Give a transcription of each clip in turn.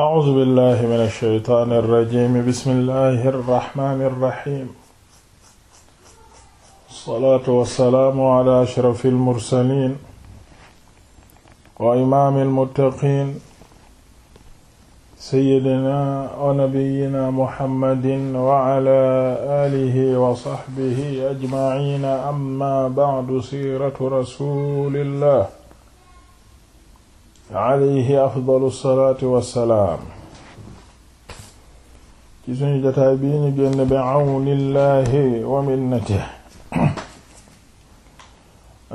أعوذ بالله من الشيطان الرجيم بسم الله الرحمن الرحيم الصلاة والسلام على أشرف المرسلين وإمام المتقين سيدنا ونبينا محمد وعلى آله وصحبه أجمعين أما بعد سيرة رسول الله alayhi afdalu salaati wassalaam ci suñu jotaay bii ñu génn bi àwnillaahi wa minnatihi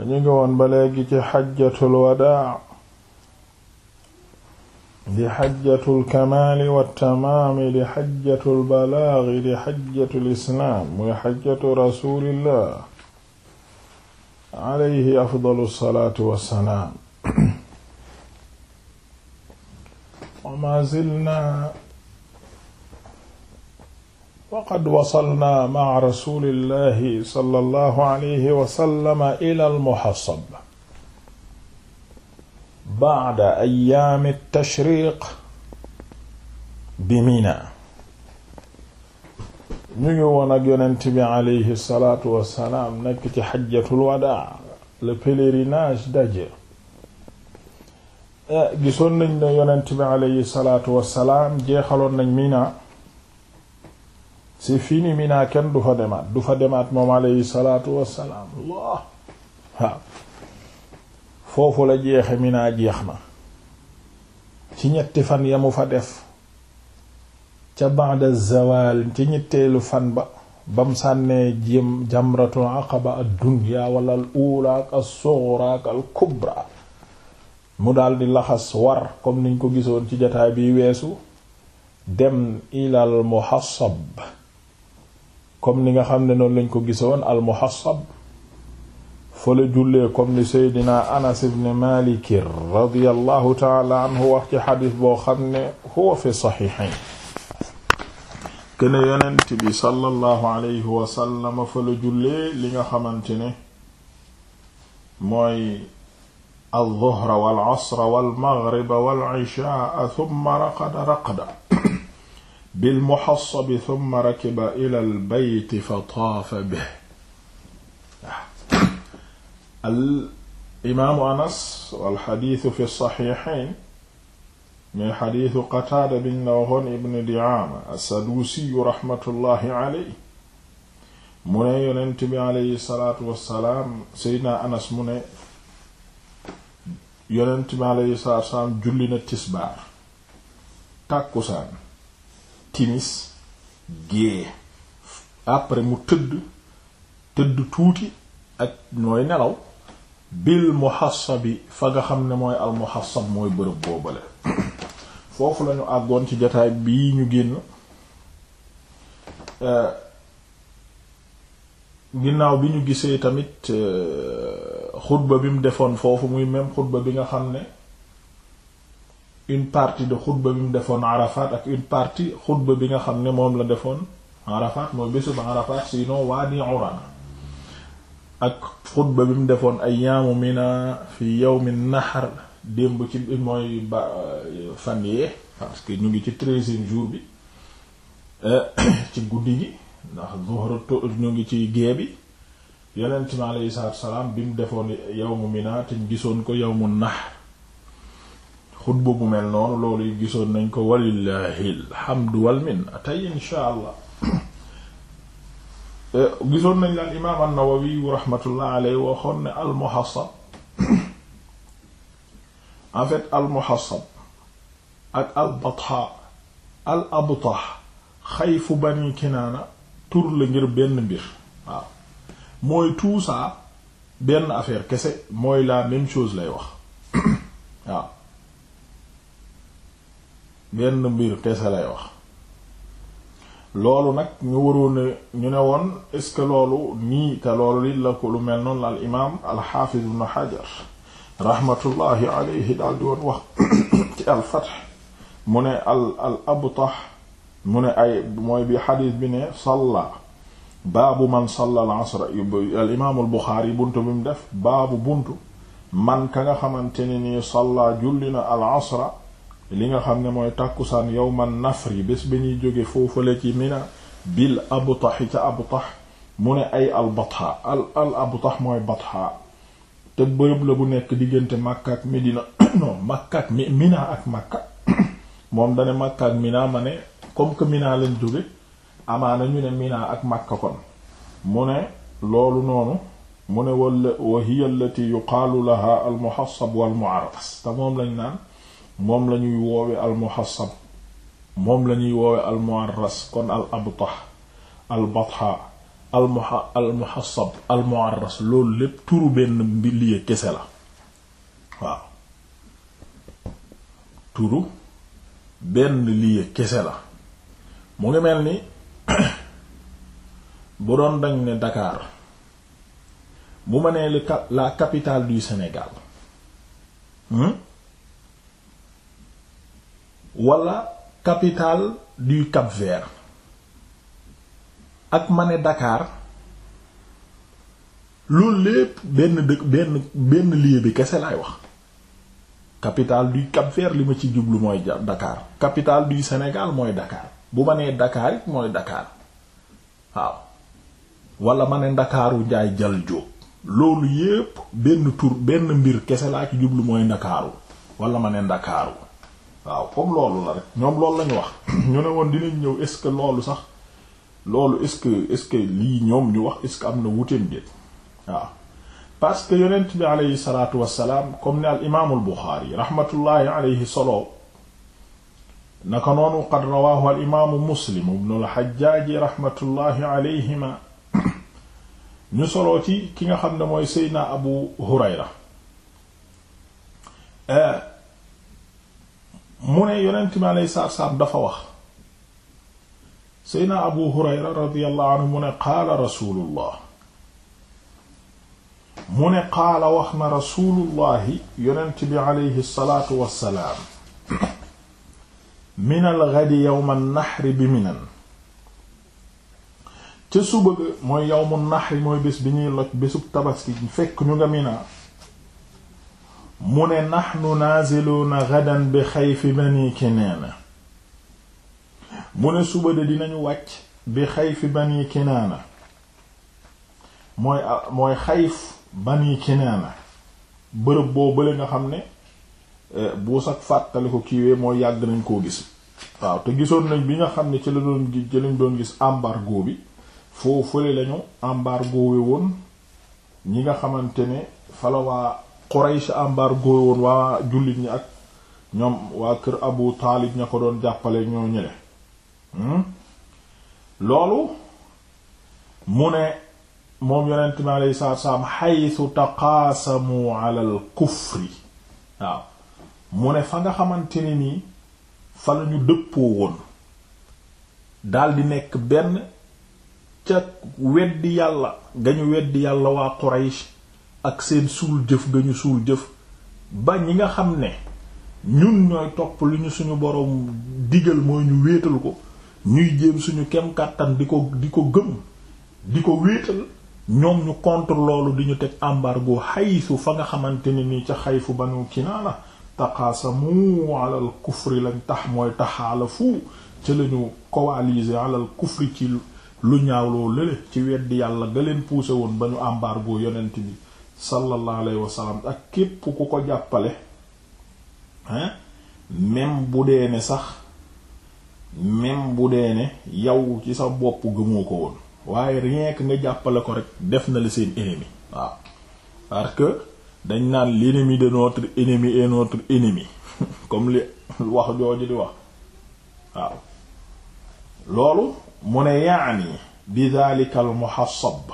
ñu ngi woon ba léegi ci xajjatul wadaa di xajjatul kamaali wa tamaami di xajjatul balaagi di xajjatul islaam muy xajjatu rasuulillah alayhi afdalu salaati wassalaam wa ma zilna waqad wasalna ma'a rasulillahi sallallahu alayhi wa sallam ila al-muhassab ba'da ayyaami at-tashriiq bi Mina ñu ngi woon ak yonent bi alayhi salaatu wa salaam nekk ci hajjatul wadaa le pèlerinage d'adieu Eh, gisoon nañ ne yonent bi aleyhi salaatu wassalaam jeexaloon nañ Mina c'est fini Mina kenn du fa demaat du fa demaat moom aleyhi salaatu wassalaam foofu la jeexe Mina jeex na ci ñetti fan ya mu fa def ca ba'da zawaal ci ñetteelu fan ba bam sànnee jëm jamratul aqaba ad-dunya wala al-ula ak as al-kubra mu daldi laxas war comme niñ ko gisoon ci jataay bi weesu dem ilal muhassab comme ni nga xam ne noonu lañ ko gisoon al muhassab fa la jullee comme ni seydina anas ibn malik radiyallahu taala anhu wax ci xadis boo xam ne huwa fi saxiixayn kene yonent bi sallallahu alayhi wa sallam la jullee li nga xamante ne mooy alzuhra wal asra wal maghriba wal ishaa thumma raqada raqda bil muhassabi thumma rakiba ilal bayti fa taafa bihi al imaamu anas wal xadiisu fi saxiixayn min xadiisu qataada biñ la waxoon ibn di'aama as-saduusiyu raxmatullaahi aleyhi mu ne yonent bi aleyhi salaatu wa salaam seydina anas mu ne. yonent mi alayhi salaatu wasalaam julli na tisbaar tàkkusaan timis gée après mu tëdd tëdd tuuti ak nooy nelaw bil muhassabi fa nga xam ne mooy al mooy bërëb boobale foofu lañu àggoon ci jataay bii ñu génn euh, ginnaaw bi ñu gisee tamit euh, xutba bi mu defoon foofu muy même xutba bi nga xam ne une partie de xutba bi mu defoon Arafat ak une partie xutba bi nga xam ne moom la defoon Arafat mooy bésub Arafat sinon Wadi Urana ak xutba bi mu defoon ay ayyaamu Mina fi mi nahr démb ci mooy ba fan yee parce que ñu ngi ci treizième jour bi eh, ci guddi gi ndax zuhr ñu ngi ci gée bi yonent mi aleyhi salaatu salaam bi mu defoon yawmu Mina te gisoon ko yawmu Nahr xutba bu mel noonu loolu yi gisoon nañ ko walillahi alhamdu wal minna tey insha allah eh, gisoon nañ la imaam an-Nawawi rahmatullah waxoon ne al ak al-batha al-abtah xayfu Kinaana tur la ngir benn mbir mooy tout ça benn affaire kese mooy la même chose lay wax waaw benn mbir kese lay wax loolu nag ñu waroon ñu ne woon est-ce que loolu nii te loolu li la ko lu mel noonu la al imaam al xaafiz ibn Hajar rahmatullahi alayhi daal di woon wax ci al Fath mu ne al al Abtah mu ne ay mooy bi xadiis bi ne salla baabu man salla al asra al imaam al buntu bi mu def baabu buntu man ka nga xamante ne nii salla julli na al asra li nga xam ne mooy tàkkusaan yawman nafri bés bi ñuy jóge foofale ci mina bil abtahi ca abtah mu ne ay al batha al al abtah mooy batha te bërëb la bu nekk diggante Makka ak Medina non Makka ak Mina ak Makka moom dane Makka Mina ma ne comme que Mina lañ jóge amaana ñu ne Mina ak Makka kon mu ne loolu noonu mu ne walla wa hiya allati yuqaalu laha almuhassab walmuarras te moom lañ naan moom la ñuy woowe almuhassab moom la ñuy woowe almuarras kon al abtah al almuhassab almuarras loolu lépp turu benn mbiliye kese la waaw turu benn liye kese la mu ngi mel ni bu doon dañ ne dakaar bu ma nee la capitale du Sénégal hmm? wala capitale du Cap-Vert ak ma ne Dakar loolu lépp benn dëkk benn benn lieu bi kese laay wax capitale du Cap-Vert li ma ci jublu mooy Dakar capitale du Sénégal mooy Dakar bu ma nee Dakar it mooy dakaar waaw wala ma ne Ndakaaru Njaay jal jóob loolu yépp benn tur benn mbir kese laa ci jublu mooy Ndakaaru wala ma ne Ndakaaru waaw comme loolu la rek ñoom loolu lañu wax ñu ne woon dinañ ñëw est-ce que loolu sax loolu est-ce que est-ce que lii ñoom ñu wax est-ce am na wuteem déet waaw parce que yonent bi aleyhi salaatu wassalaam comme ni al imaamul Buxaari rahmatullahi aleyhi solo naka noonu qad rawaahu al imaamu muslim ibnu alxajjaaji raxmatullahi alayhima ñu soloo ci ki nga xam ne mooy seydna abu hurayra eh, mu ne yonent mi dafa wax seydna abu hurayra radiyallahu anhu mu ne qaala rasulullah mu ne qaala wax na rasulullahi yonent bi aleyhi wassalaam minal ghadi yawma nahri bi minan ca suba ga mooy yawmu nahri mooy bés bi ñuy loj bésub tabaski fekk ñu nga mina mu ne nahnu naaziluna ghadan bi xayfi bani kinaana mu ne wàcc bi xayfi bani kinaana mooy mooy xayf bani kinaana bërëb boo bële nga xam ne Eh, bu sax fàttali ko kiiwee mooy yàgg nañ koo gis waaw te gisoon nañ bi nga xam ne ci la doon gi ci lañ doon gis embargo bi foo fële lañu embargowe woon ñi nga xamante ne fala waa Quraysh embargowe woon waa jullit ñi ak ñoom waa kër Abu Taalib ña ko doon jàppale ñoo ñële hmm? loolu mu ne moom yonent mi alayhi salaatu salaam xaytu taqaasamu kufri waaw mu ne fa nga xamante ne nii fa la ñu dëppoo woon daldi nekk benn ca weddi yàlla ga ñu weddi yàlla waa Quraysh ak seen suul jëf ga ñu suul jëf ba ñi nga xam ne ñun ñooy topp lu ñu suñu boroom digal mooy ñu wéetal ko ñuy jéem suñu kem kàttan di ko di ko gëm di ko wéetal ñoom ñu contre loolu di ñu teg embargo xaysu fa nga xamante ne nii ca xayfu banu Kinaana taqaasamu alal kufri lañ tax mooy taxaalafu ca lañu coalisé alal kufri ci lu ñaaw loo lële ci weddi yàlla ga leen poussé woon ba ñu embargo yonent bi sallallahu alayhi wa sallam ak képp ku ko jàppale hein même bu dee ne sax même bu dee ne yow ci sa bopp gëmoo ko woon waaye rien nga jàppale ko rek def na la seen ennemi waaw parce dañ naan l'ennemi de notre ennemi est notre ennemi comme li wax jooju di wax waaw loolu mu ne yaani bi dhalika al muhassab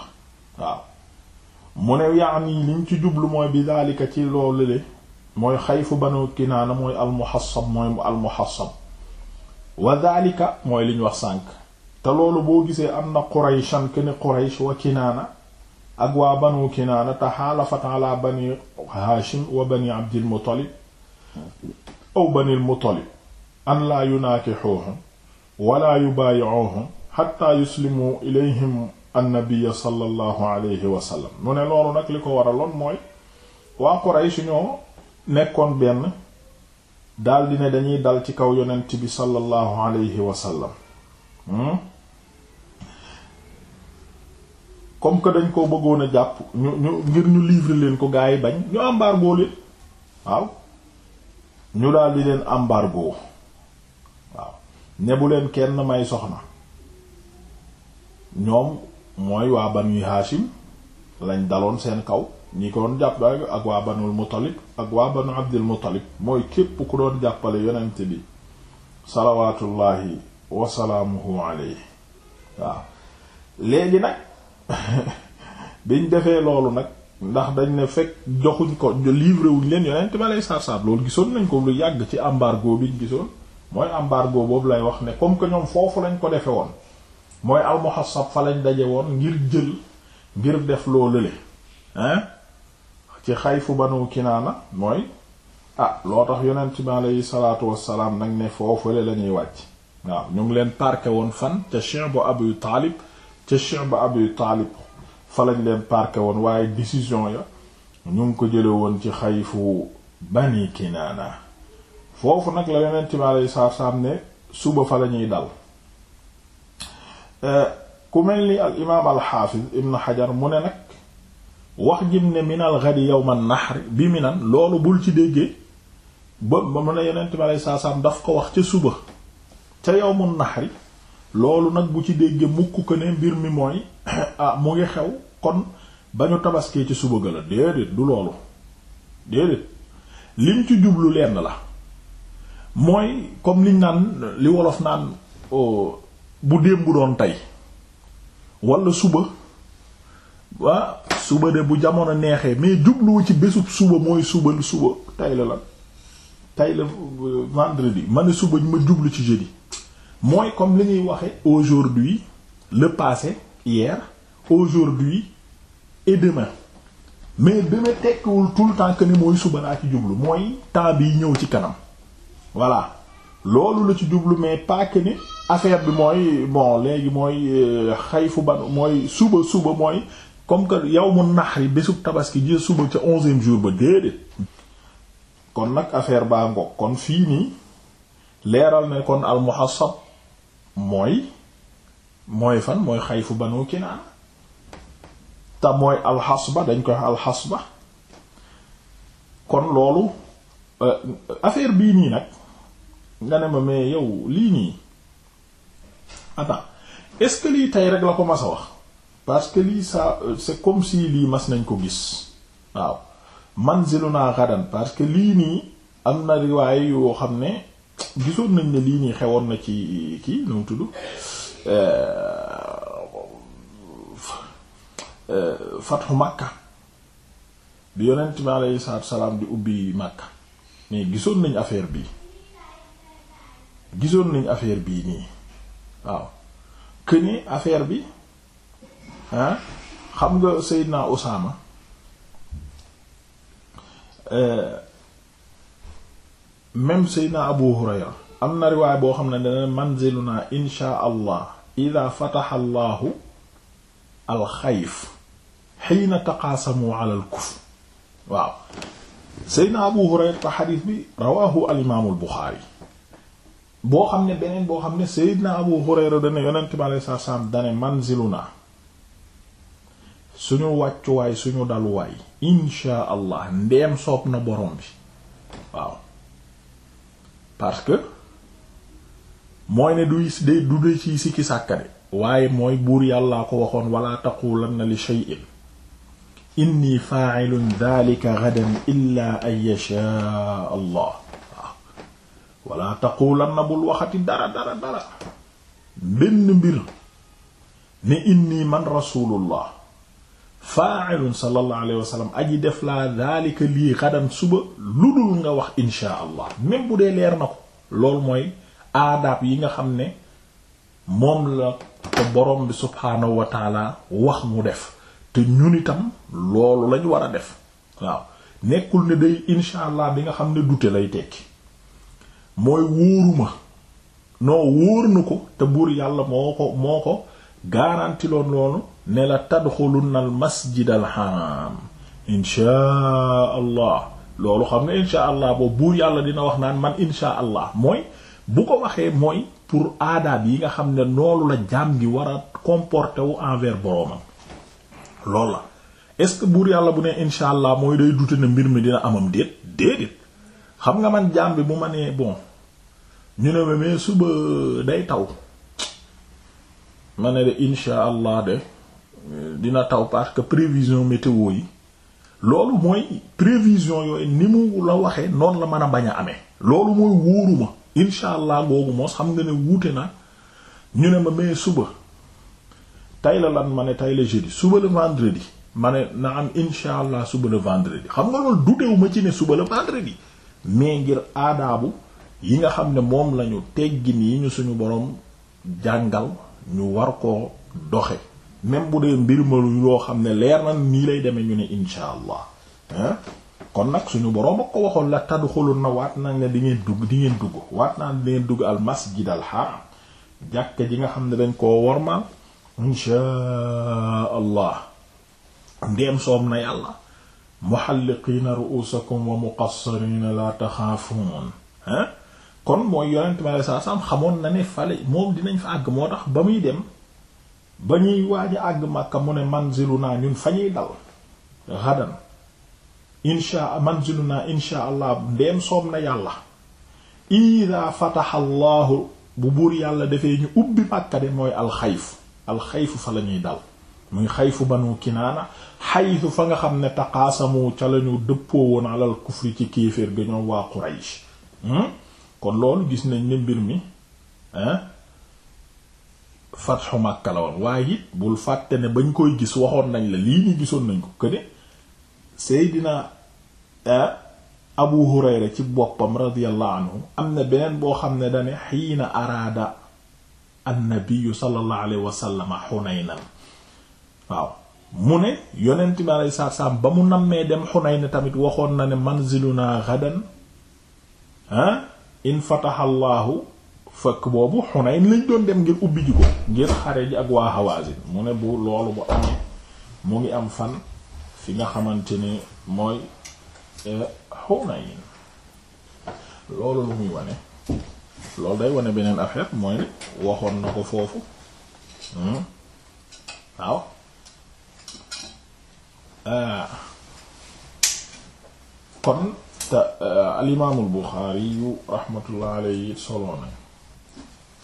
waaw mu ne yaani liñ ci jublu mooy bi dhalika ci loolu le mooy xayfu banu kinaana mooy al muhassab mooy al muhassab wa dhalika mooy liñ wax sànk te loolu boo gisee am na qurayshan kene quraysh wa kinaana ak waa banu kinaana taxaalafat ala bani haashim wa bani abdil muttalib aw banil muttalib an laa yunaakixuuhum wala yubaayicuuhum xatta yuslimu ilayhim annabiya sallallahu alayhi wa mu ne loolu nag li ko waraloon mooy waa Quraysh ñoo nekkoon benn daldi ne dañuy dal ci kaw yonent bi sallallahu alayhi wa comme que dañ koo bëggoon a jàpp ñu ñu ngir ñu livrer leen ko gaa yi bañ ñu embargo leen waaw ñu daal di leen embargo waaw ne leen kenn may soxna ñoom mooy waa Banu Hashim lañ daloon seen kaw ñi ko jàppale ak waa Banul Muttalib ak mooy képp ku doon jàppale yonent bi salawaatullaahi wasalaamuhu alayhi waaw léegi nag biñ defee loolu nag ndax dañ ne fekk joxuñ ko livré wuñ leen yonent ma lay sarsab loolu gisoon nañ ko lu yàgg ci embargo biñ gisoon mooy embargo boobu lay wax ne comme que ñoom foofu lañ ko defe woon mooy a fa lañ daje woon ngir jël ngir def loolu ci xayfu banu kinaana mooy ah loo tax yonent bi aleyhi salaatu wassalaam nag ne foofale la ñuy wàcc waaw ñu ngi leen parqué woon fan ca chien bu abu taalib ca Cheikh Abi Taalib fa lañ leen parqué woon waaye décision ya ñu ngi ko jële woon ci xayfu Bani Kinaana foofu nag la yeneen tibaale saar saam ne suba fa lañuy dal euh, ku mel ni al imaam al xaafiz ibn Hajar mu ne nag wax jim ne minal ghadi yawman nahr bi minan loolu bul ci déggee ba ba mu ne yeneen tibaale saar saam daf ko wax ca suba ca yawmun nahri loolu nag bu ci déggee mukk ko ne mbir mi mooy ah mu ngi xew kon ba ñu tabaskee ci suba ga la déedéet du loolu déedéet lim ci jublu lenn la mooy comme liñ naan li wolof naan oh, bu démb doon tey walla suba waa ah, suba de bu jamono neexee mais jubluwu ci bésu suba mooy suba suba tey la lan tey la vendredi ma ne suba ma jublu ci jeudi mooy comme li ñuy waxe aujourd'hui le passé hier aujourd'hui et demain mais demain tekkiwul tout le temps que ni mooy suba naa ci jublu mooy temps bi ñëw ci kanam voilà loolu la ci jublu mais pas que ni affaire bi mooy bon léegi mooy euh, fu ban mooy suba suba mooy comme que nax nahri bésub tabaski ji suba ca onzième jour ba déedéet kon nag affaire baa ngoog kon fii nii leeral ne kon al muhassab mooy mooy fan mooy xayfu banu kinaana te mooy alxasba dañ koy alxasba kon loolu euh, affaire bii nii nag nga ne ma mais yow lii nii attends est-ce que lii tey rek la ko mas a wax parce que lii sa euh, c'est comme si lii mas nañ ko gis waaw manziluna ghadan parce que lii nii am na riwaay yoo xam ne gisoon nañ ne lii nii xewoon na ci kii nu mu tudd euh, fatxu Makka bi yonent bi aleyhi salaam di ubbi Makka mais gisoon nañ affaire bii gisoon nañ affaire bii nii waaw que ni affaire bi ah xam nga Seydina Usaama. Euh, même Seydina Abu Hurayra am na riwaay boo xam ne dana manziluna insha allah ida fataxa allahu alxayf xiina taqaasamu ala al waaw Seydina Abu Hurayra te xadiis bi rawahu alimaamu albuxaari boo xam ne beneen boo xam ne Seydina Abu Hurayra dana yonent bi alei sat selaam dane manziluna suñu wàccuwaay suñu daluwaay insha allah ndeem soob na borom bi waaw parce que mooy ne du day ci sikki sàkkade waaye mooy buur yàlla ko waxoon wala taqulanna li shay'in inni fa'ilun dhalika ghadan illa an yasha allah waaw wala taqulanna bul waxati dara dara dara benn mbir ne inni man rasulullah fa'ilun sallallahu alayhi wa sallam aji def laa daalika lii xadam suba lu dul nga wax inshaa allah même bu dee leer na ko loolu mooy aadaab yi nga xam ne moom la ko borom bi subhaanahu wa wax mu def te ñun itam loolu lañ war a def waaw nekkul ne day insha allah bi nga xam ne dute lay tekki mooy wóoruma noo wóor na ko te buur yàlla moo ko moo ko garanti loolu ne la tadxulunna al masjid al haram allah loolu xam nga insha allah boobu buur yàlla dina wax naan man insha allah mooy bu ko waxee mooy pour aadaab yi nga xam ne loolu la jaam gi war a comporter wu envers boroomam loolu la est-ce que buur yàlla bu ne insha allah mooy day dute ne mbir mi dina amam déet déedéet xam nga man jaam bi bu ma nee bon ñu ne ma mais suba day taw ma ne de insha allah de dina taw parce que prévision météo yi loolu mooy prévision yooyu ni mu la waxee noonu la mën a bañ a amee loolu mooy wóoruma incha allah googu moos xam nga ne wuute na ñu ne ma mais suba tey la ma ne tey la suba le vendredi ma ne na am incha allah suba le vendredi xam nga loolu dutewu ma ci ne suba le vendredi mais ngir aadaabu yi nga xam ne moom lañu teggin yi ñu suñu boroom jàngal ñu war koo doxe même bu dee mbir ma loo xam ne leer na nii lay demee ñu ne insha allah kon nag suñu boroom a ko waxoon la tadxulu na waat naa ne di ngeen dugg di ngeen dugg waat naa ne di nga xam ne dañ koo wormaal insha allah ndeem soob na yàlla muhalliqiina ru'uusakum wa muqassiriina la taxaafuun kon mooy yonent ma moom dinañ fa àgg moo tax ba muy dem ba ñuy waaj a àgg Makka mu ne manziluna ñun fa ñuy dal xadan insha manziluna insha allah ndeem soob na yàlla ida fataxa allahu bu buur yàlla defee ñu ubbi Makka mooy alxayf alxayfu fa la ñuy dal muy xayfu banu kinaana xaytu fa nga xam ne taqaasamu ca lañu dëppoo woon alal kufri ci kéeféer ga ñoom waa Quraysh hmm? kon loolu gis nañ ne mbir mi fatxu Makka la woon waaye it bul fàtte ne bañ koy gis waxoon nañ la lii ñu gisoon nañ ko këne Seydina eh, Abu Hurayra ci boppam radiyallahu anhu am na beneen boo xam ne dane xiina araada annabiyu sallallahu alayhi wasallama Xunaynan waaw mu ne yonent bi alayhi salaam ba mu nammee dem Xunayn tamit waxoon na ne manziluna gadan ha eh, in fataha Allahu fekk boobu Hunayn lañ doon dem ngir ubbi ji ko ngir xare ji ak waa Hawazin mu ne bu loolu bu amee mu ngi am fan fi nga xamante ne mooy eh, Hunayn loolu lu muy wane loolu day wone beneen affaire mooy ne waxoon na ko foofu hmm? waaw ah. kon te eh, al imaamul Buxaari yu rahmatullah alayhi solo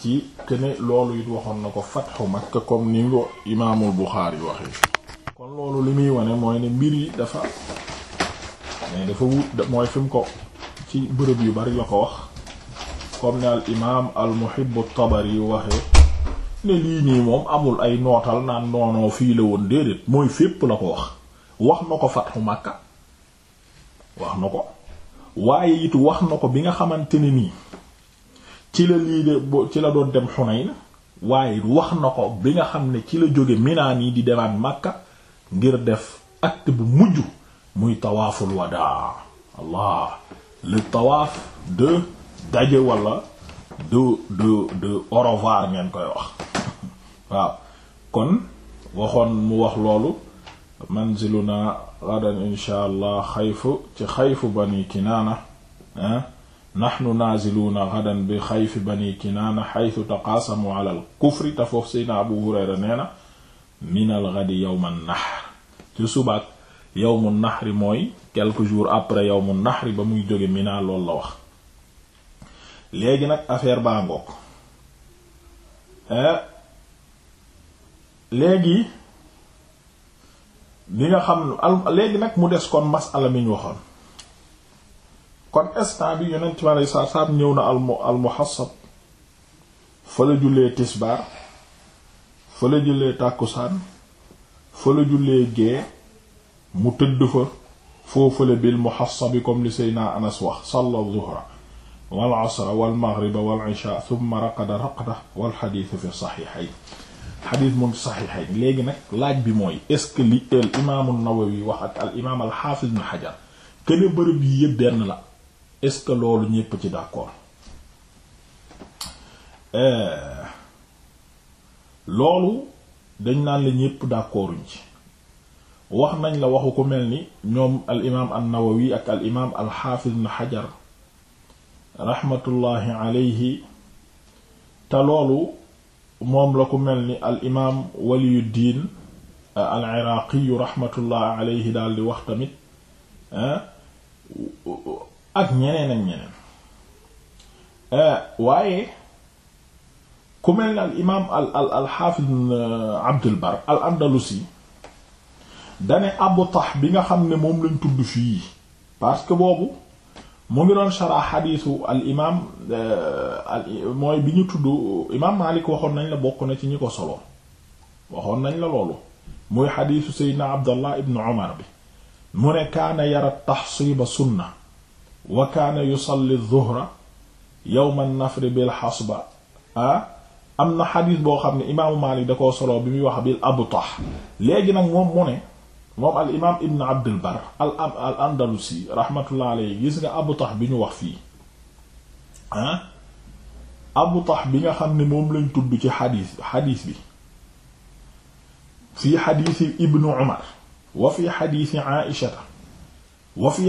ci këne loolu it waxoon na ko fatxu Makka comme ni ngo imaamul Buxaari waxee kon loolu li muy wane mooy ne mbir dafa mais dafa wut mooy fi ko ci bërëb yu bari la ko wax comme ne al imaam al Muhibbu Tabari waxee ne lii nii moom amul ay nootal naan noonoo fii la woon déedéet mooy fépp la ko wax wax na ko fatxu Makka wax na ko waaye it wax na ko bi nga xamante ne nii ci la doon dem Xunayn waaye wax na ko bi nga xam ne ci la jóge Minaan yi di demaat Makka ngir def acte bu mujj muy tawaaful wadaa Allah le tawaaf de daje wala de de de au ngeen koy wax waaw kon waxoon mu wax loolu manziluna gadan insha allah xayfu ci xayfu bani Kinaana ah naxnu naaziluuna gadan bi xayfi bani kinaana xaytu taqaasamu ala al kufri te foofu sayna abu hurayra nee na min al gadi yowma naxr ci subaak yowmu naxri mooy quelques jours après yowmu naxri ba muy jóge Mina lool la wax léegi nag affaire baa ngoog eh, léegi bi nga xam léegi nag mu des kon masala mi ñu waxoon kon instant bi yonent mi alei saatu salaam ñëw na al al muhassab fa la jullee tisbaar fa la jullee tàkkusaan fa la jullee gee mu tëdd fa foofale bil muhassabi comme li seyna anas wax salla zuhra wal asra wal maghriba wal laaj bi mooy est-ce que al imaamu Nawawi al imaam al xaafis ibn Hajar kene bërëb yi yëpp benn la est-ce que loolu ñépp ci d'accord eh, loolu dañ naan la ñépp d'accorduñ ci wax nañ la waxu ko mel ni ñoom al imaam an-Nawawi ak al imaam al xaafiz ibn Hajar raxmatullaahi alayhi te loolu moom la ko mel ni al imaam waliyuddin eh, al iraaqiyu raxmatullaahi alayhi daal di wax tamit eh, ak ñeneen ñeneen euh, waaye ku mel ne al imaam al euh, al Andalusi dane abu tah bi nga xam ne moom lañ tudd fii parce que boobu mu ngi doon shara xadiisu al imaam euh, al mooy bi ñu tudd imaam Maalik waxoon nañ la bokk na ci ñi ko solo waxoon nañ la loolu muy xadiisu Seydina Abdallah ibn Umar bi mu ne kaana yara taxsiiba sunna wa kaana yusalli dhuhra yawma nafri bil hasba ah am na xadis boo xam ne imaamu Maalik da koo bi muy wax bil abtah léegi nag moom mu ne al imaam ibn abdul al andalusi rahmatullah alayhi gis nga abtah bi ñu wax fii ah bi nga xam ne moom lañ tudd ci xadis bi fii xadisi ibnu umar wa fi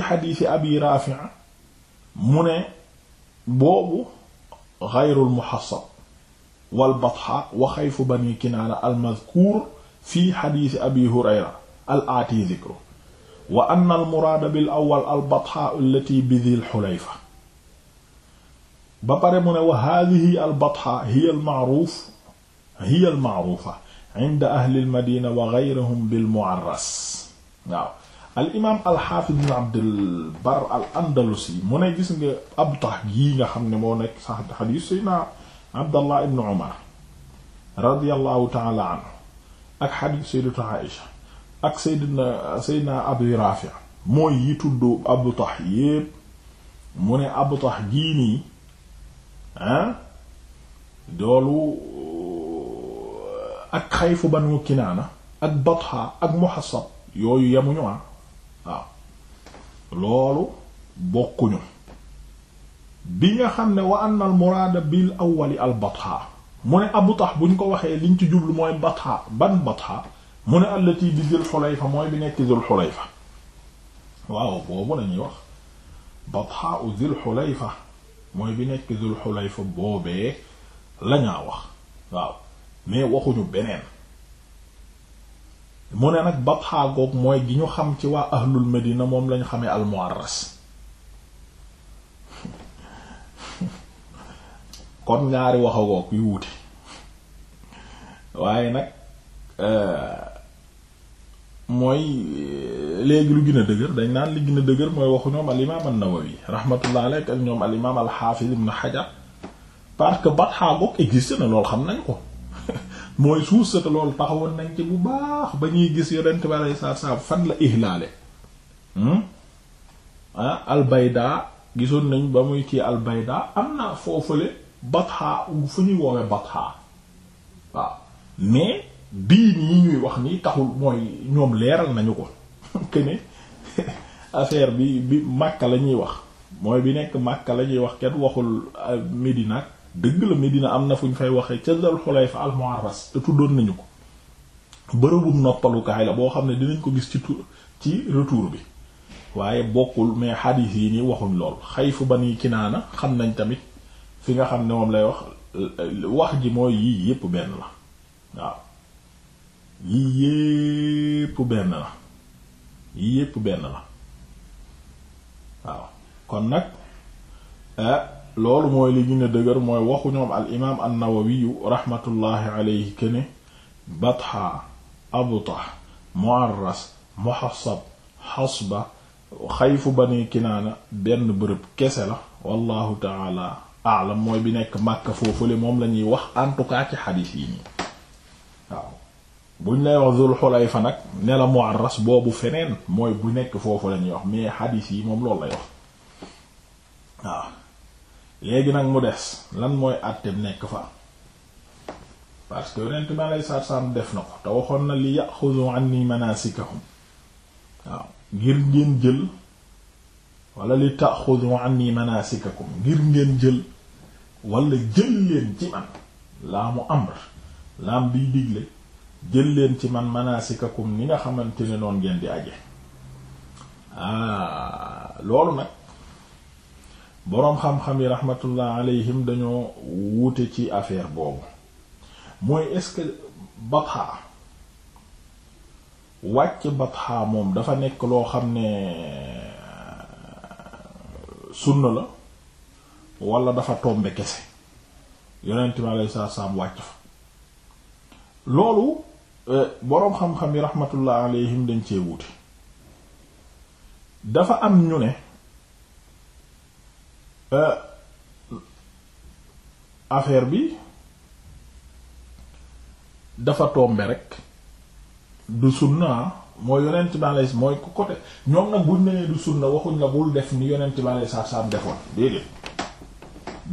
xadisi abi rafi' mu ne boobu xayrul muhassab wal batha wa xayfu bani kinaana al mazkuur fi xadiisi abi hurayra al aati zikru wa anna al muraada bil awwal al batha allati bi dhil xulayfa ba pare mu ne wa haadihi al batha hiya al ma'ruuf hiya al ma'ruufa inda ahli al madina wa xayrihim bil mu'arras waaw al imaam al xaafis ibn Abdul Barr al Andalusi mu ne gis nga abtah yii nga xam ne moo nekk sax xadiis Seydina Abdallah ibn Umar radiyallahu taala anhu ak xadiis Sayyidatu Aïsha ak Seydina Seydina Abi Raafi mooy yi tudd abtah yépp mu ne abtah gii nii ah doolu ak xayfu banu Kinaana ak Batha ak Muhassab yooyu yemuñu ah waaw loolu bokkuñu bi nga xam ne wa anna al bi bil awwali al batha mu ne abu tax buñ ko waxee liñ ci jublu mooy batha ban batha mu ne allati bi dul xulayfa mooy bi nekk dul xulayfa waaw boobu wax batha u dul xulayfa mooy bi nekk dul xulayfa boobee lañaa wax waaw mais waxuñu beneen mu ne nag babxaa goog mooy gi ñu xam ci waa ahlul madina moom lañ xamee almuarras kon ñaari wax yu wuute waaye nag euh, mooy euh, léegi lu gën a dëgër dañ naan li gën a dëgër mooy waxu ñoom al imaam an-Nawawi rahmatullah alayhi ak ñoom al imaam al-Hafiz ibn Hajar parce que babxaa goog existe na lool xam nañ ko mooy suuf sa te loolu taxawoon nañ ci bu baax ba ñuy gis yonent bi alayhi salaatu salaam fan la ihlaale hmm? ah albayda gisoon nañ ba muy kii albayda am na foofale batha fu ñuy woowe batha waaw mais bii nii ñuy wax nii taxul mooy ñoom leeral nañu ko que ne bi bi Makka la ñuy wax mooy bi nekk Makka la ñuy wax kenn waxul euh, Medina dëgg la Medina am na fu ñu fay waxee ca Dul Xulayfa al Mu'arras te tuddoon nañu ko bërëbum noppalukaay la boo xam ne dinañ ko gis ci tur ci retour bi waaye bokkul mais xadiis yi nii waxuñ lool xayfu Bani Kinaana xam nañ tamit fi nga xam ne moom lay wax wax ji mooy yii yépp benn la waaw yii yépp benn la yii yépp benn la waaw kon nag eh, loolu mooy li gën a dëgër mooy waxu ñoom al imaam an-Nawawi rahmatullahi alayhi kene batha abtah mu'arras muhassab hasba xayfu bani kinaana benn bërëb kese la wallahu taala aalam mooy bi nekk màkka foofule moom la ñuy wax en tout cas ci xadiis yi nii waaw buñ lay wax Zul Xulayfa nag ne la boobu feneen mooy bu nekk foofu la ñuy wax mais xadiis yi moom loolu lay wax léegi nag mu des lan mooy àtteem nekk fa parce que yonent bi aleyhi salaatu salaam def na ko te waxoon na li yaxuzu anni manasikahum waaw ngir ngeen jël wala li taxuzu anni manasikakum ngir ngeen jël wala jël leen ci man laamu amr laam biy digle jël leen ci man manasikakum ni nga xamante ne noon ngeen di aje ah, loolu nag boroom xam-xam yi rahmatullah alayhim dañoo wuute ci affaire boobu mooy est-ce que bathaa wàcc bathaa moom dafa nekk loo xam ne euh, sunna la wala dafa tombe kese yonent bi alayhi salaatu wàcc fa loolu euh, boroom xam-xam yi rahmatullah alayhim dañ cee wuute dafa am ñu ne Euh, affaire bi dafa tombe rek du sunna moo yonent bi alay mooy ku côté ñoom nag buñ nee du sunna waxuñ la bul def ni yonent bi alay saa saa defoon déedéet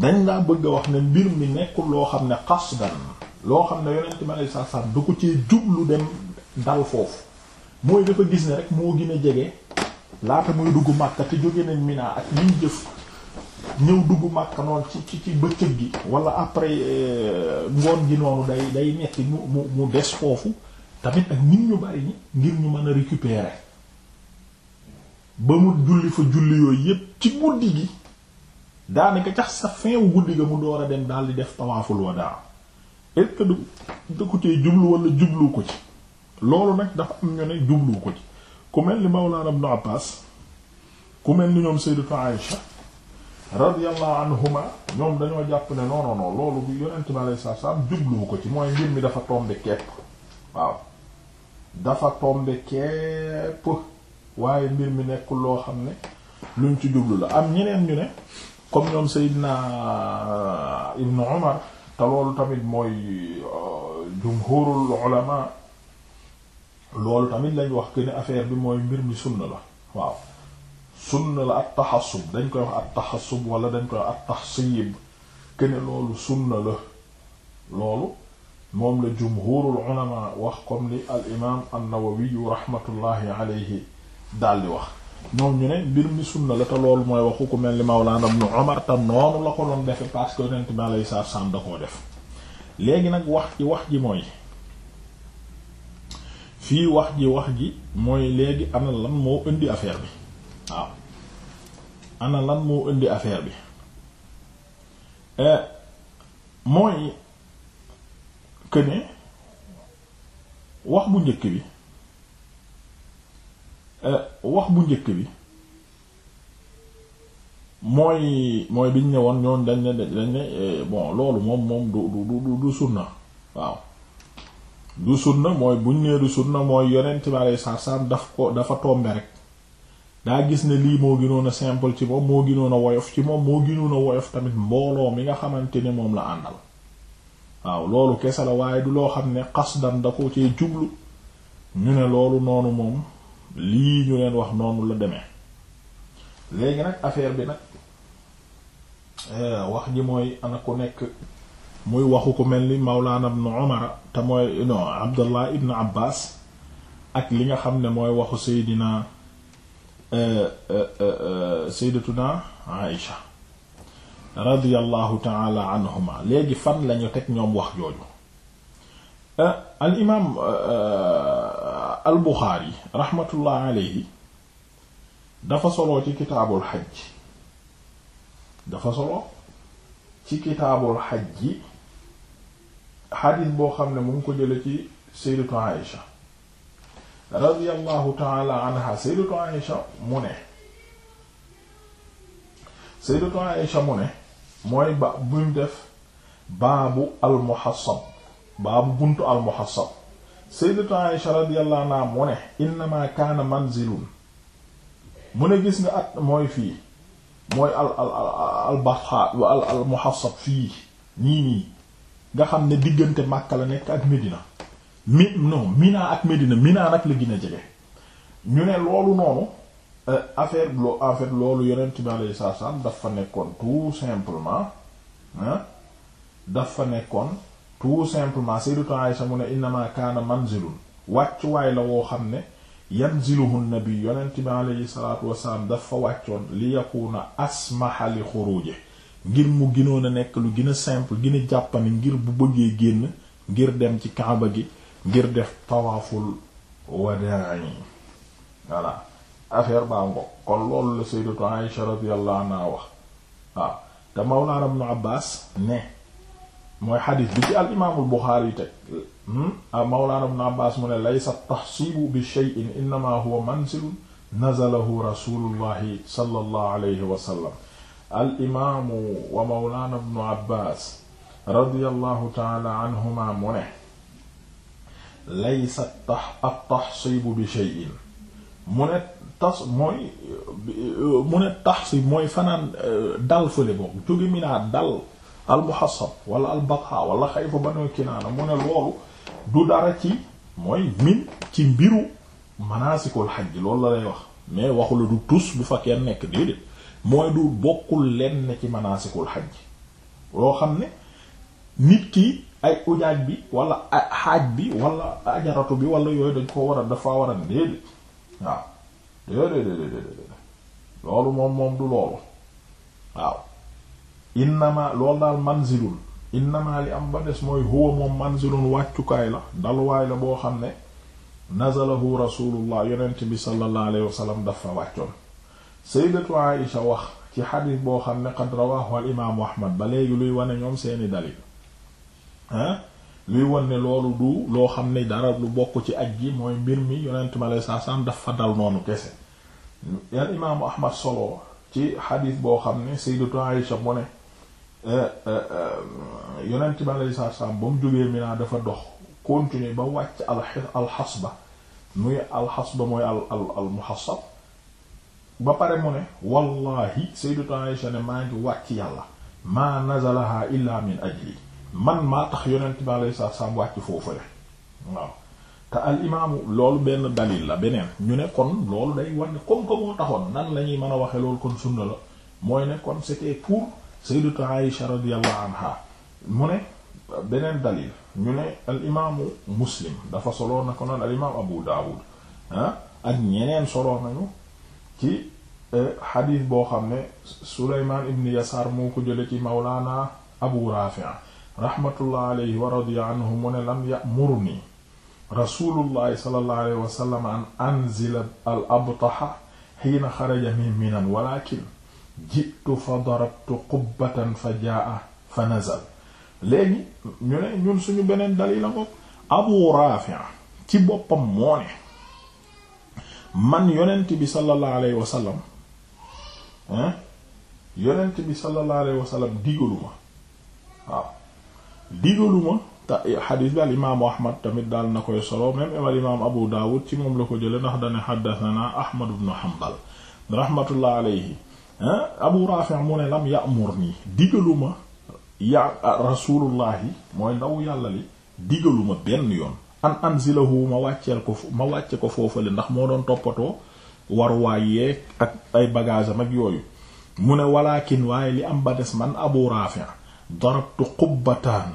dañ laa bëgg a wax ne mbir mi nekkul loo xam ne qasdan loo xam ne yonent bi alay saa saa du ko ci jublu dem dal foofu mooy dafa gis ne rek moo gën a jege laata muy dugg Makka te jóge nañ Mina ak liñ jëf ñëw dugg Makka noonu ci ci ci bëccëg gi wala après euh, ngoon gi noonu day day metti mu mu mu des foofu tamit ak nit ñu bari ñi ngir ñu mën a récupérer ba mu julli fa julli yooyu yépp ci guddi gi daanaka tax sa fin guddi ga mu door a dem daal di def tawaaful wadaa est-ce que da jublu walla jublu ko ci loolu nag dafa am ñu ne jublu ko ci ku mel ni Mawlana Ibn Abbas ku mel ni ñoom Sayyidatu Aïcha radiyallahu anhuma ñoom dañoo jàpp ne non non non loolu bu yonent bi alayhi salaam jubluwu ko ci mooy mbir mi dafa tombe kepp waaw dafa tombe kepp waaye mbir mi nekkul loo xam ne luñ ci jublu la am ñeneen ñu ne comme ñoom Seydina euh, Ibn Umar te loolu tamit mooy euh, jumhurul ulama tamit lañ wax que bi mooy mbir mi la waaw sunna la at taxasub dañ koy wax at taxasub wala dañ koy wax at taxsiib kene loolu sunna la loolu moom la jumhurul ulama wax comme li al imaam an-Nawawi rahmatullahi alayhi daldi wax moom ñu ne mbir mi sunna la te loolu mooy waxu ku mel ni Mawlana Ibn Umar te noonu la ko doon defe parce que yonent bi alayhi salaatu salaam da def léegi nag wax ji wax ji mooy fii wax ji wax ji mooy léegi ana lan moo indi affaire bi waaw ana lan moo indi affaire bi eh, mooy que ne wax bu njëkk bi eh, bu njëkk bi mooy mooy biñ ne woon ñoon dañ ne dañ ne eh, bon loolu moom moom du du du du sunna waaw du sunna mooy buñ nee du na mooy yonent bi alayhi salaam daf ko dafa tombe rek daa gis ne lii moo gënoon a simple ci moom moo gënoon a woyof ci moom moo gënoon a woyof tamit mbooloo mi nga xamante ne moom la àndal waaw loolu kese la waaye du loo xam ne xasdan da ko cee jublu ñu ne loolu noonu moom lii ñu leen wax noonu la demee léegi nag affaire bi nag euh, wax ji mooy ana ku nekk muy waxu ku mel ni Mawlana ibn Umar te mooy non Abdullah ibn Abbas ak li nga xam ne mooy waxu Seydina Euh, euh, euh, sayyidatuna Aïcha radiyallahu taala anhuma léegi fan lañu teg ñoom wax jooju al imaam al Buxaari rahmatullah alayhi dafa solo ci kitaabul xaj dafa solo ci kitaabul xaj ji xadiis boo xam ne mu ngi ko jële ci sayyidatu Aïcha radiyallahu taala anha sayyidatu Aisha mu ne sayyidatu Aisha mu ne mooy ba buñ def baabu almuhassab baabu buntu almuhassab sayyidatu Aisha radiyallahu anha mu ne innama kaana manzilun mu ne gis nga at mooy fii mooy al al al al muhassab fii nii nii nga xam ne diggante Makka la nekk ak Medina mi non Mina ak Medina Mina nag la gën a jege ñu ne loolu noonu euh, affaire lo en fait loolu yonent bi alayhi salaam daf fa nekkoon tout simplement daf fa nekkoon tout simplement Sayyidatu Aisha mu ne innama kaana manzilun wàccuwaay la woo xam ne yanziluhu nabi yonent bi alayhi salaatu wasalaam daf fa wàccoon li yakuna asmaha li xuruji ngir mu gënoon a nekk lu gën a simple gën jàppani ngir bu bëggee génn ngir dem ci kaaba gi ngir def tawaaful wada'i voilà affaire baa ngo kon loolu la sayyidatu Aisha radiyallahu anha wax waaw te Mawlana Ibn Abbas ne mooy xadis bi ci al imaamul Buxaari teg hmm? ah, Mawlana Ibn Abbas mu ne laysa tahsibu bi shay'in innama huwa manzilun nazalahu rasulullahi sallallahu alayhi wa sallam al imaamu wa Mawlana Ibn Abbas radiyallahu ta'ala anhuma mu ne laysa at-tahsibu bi shay'in mu ne tas mooy mu ne tahsib mooy fanaan dal fële boobu jóge Mina dal al-Muhassab wala al-Batha wala Xayfa Banu Kinaana mu ne loolu du dara ci mooy min ci mbiru manasikul hajj loolu la lay wax mais waxu du tus bu fa kenn nekk déedéet mooy du bokkul lenn ci manasikul hajj loo xam ne nit ki ay ujaaj bi wala xaaj bi wala ajaratu bi wala yooyu dañ ko war a dafa war a déedéet waaw déedéet déedéet loolu moom moom du loolu waaw innama loolu daal manzilul innama li am ba des mooy huwa moom manzilun wàccukaay la dalwaay la boo xam ne nazalahu rasulullah yonent bi sallallahu alayhi wa sallam dafa wàccoon sayyidatu Aisha wax ci xadis boo xam ne qad rawahu al imaamu ahmad ba léegi luy wane ñoom seeni dalil ah luy wan ne loolu du loo xam ne dara lu bokk ci aj gi mooy mbir mi yonent mi aleyhi salaatu salaam daf fa dal noonu kese al imaamu ahmad solo ci xadiis boo xam ne sayyidatu Aisha mu ne eh, eh, eh, yonent mi aleyhi salaatu salaam ba mu jógee Mina dafa dox continuer ba wàcc alxasba muy alxasba mooy al al al muhassab ba pare mu ne wallahi sayyidatu Aisha ne maa ngi wàcc yàlla maa nazalaha illa min ajli man maa tax yonent bi alayhi salaatu salaam wàcc foofule waaw te al imaamu loolu benn dalil la beneen ñu ne kon loolu day war ne comme taxoon nan la ñuy mën a waxe loolu kon sunna la mooy ne kon c'était pour sayyidatu Aïsha radiyallahu anha mu ne beneen dalil ñu ne al imaamu muslim dafa solo na ko noon al imaam Abu Dawud ah, ak ñeneen solo nañu ci eh, xadiis boo xam ne Sulaymaan ibn Yasaar moo ko jële ci Mawlaana Abu Rafi' rahmatullah alayhi wa radiya anhu mu ne lam ya'murni rasulullahi sallallahu alayhi wa sallam an anzila al abtaha hiina xaraja min minan walakin jitu fa darabtu qubbatan fa jaa fa nazal léegi ñu ne ñun suñu beneen dalila ko abu raafi ci boppam moo ne man yonent bi sallallahu alayhi wa sallam hein yonent bi sallallahu alayhi wa sallam digaluma waaw digaluma ta xadis bi al imaamu ahmad tamit daal na koy solo même al imaam abu daawud ci moom la ko jële ndax dane xaddathana ahmad ibn hanbal rahmatullah alayhi abu rafi' mu ne lam ya'mur nii digaluma ya rasulullahi mooy ndaw yàlla li digaluma benn yoon an anzilahu ma wàcceel ko ma wàcce ko foofale ndax moo doon toppatoo war waayeeg ak ay bagage am ak yooyu mu ne walakin waaye li am ba man abu rafi' darabtu qubbataan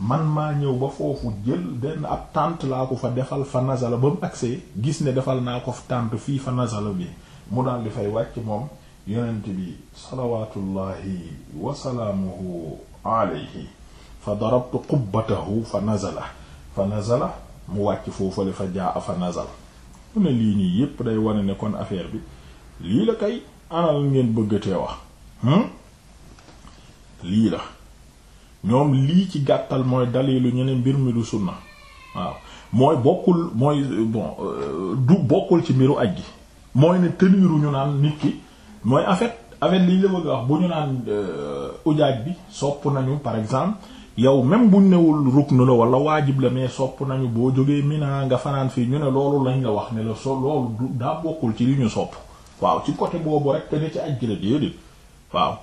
man maa ñëw ba foofu jël benn ab tànt laa ko fa defal fa nazala ba mu agsee gis ne defal naa ko fa tànt fii fa nazala bi mu daal di fay wàcc moom yonent bi salawatullahi wasalaamuhu alayhi fa darabtu qubbatahu fa nazala fa nazala mu wàcc foofale fa jaa fa nazal mu ne lii nii yépp day wane ne kon affaire bi lii la kay anal ngeen bëggatee wax hmm? lii la ñoom lii ci gàttal mooy dalilu ñu ne mbir mi du sunna waaw mooy bokkul mooy bon euh, du bokkul ci mbiru aj gi mooy ne tëniiru ñu naan nit ki mooy en fait en fait lii wax bu ñu naan euh, ujaaj bi sopp nañu par exemple yow même buñ newul ruknu la wala waajib la mais sopp nañu boo jógee Mina nga fanaan fii ñu ne loolu lañ nga wax ne la so loolu daa bokkul ci li ñu sopp waaw ci côté boobu rek te ne ci aj gi la déedéet waaw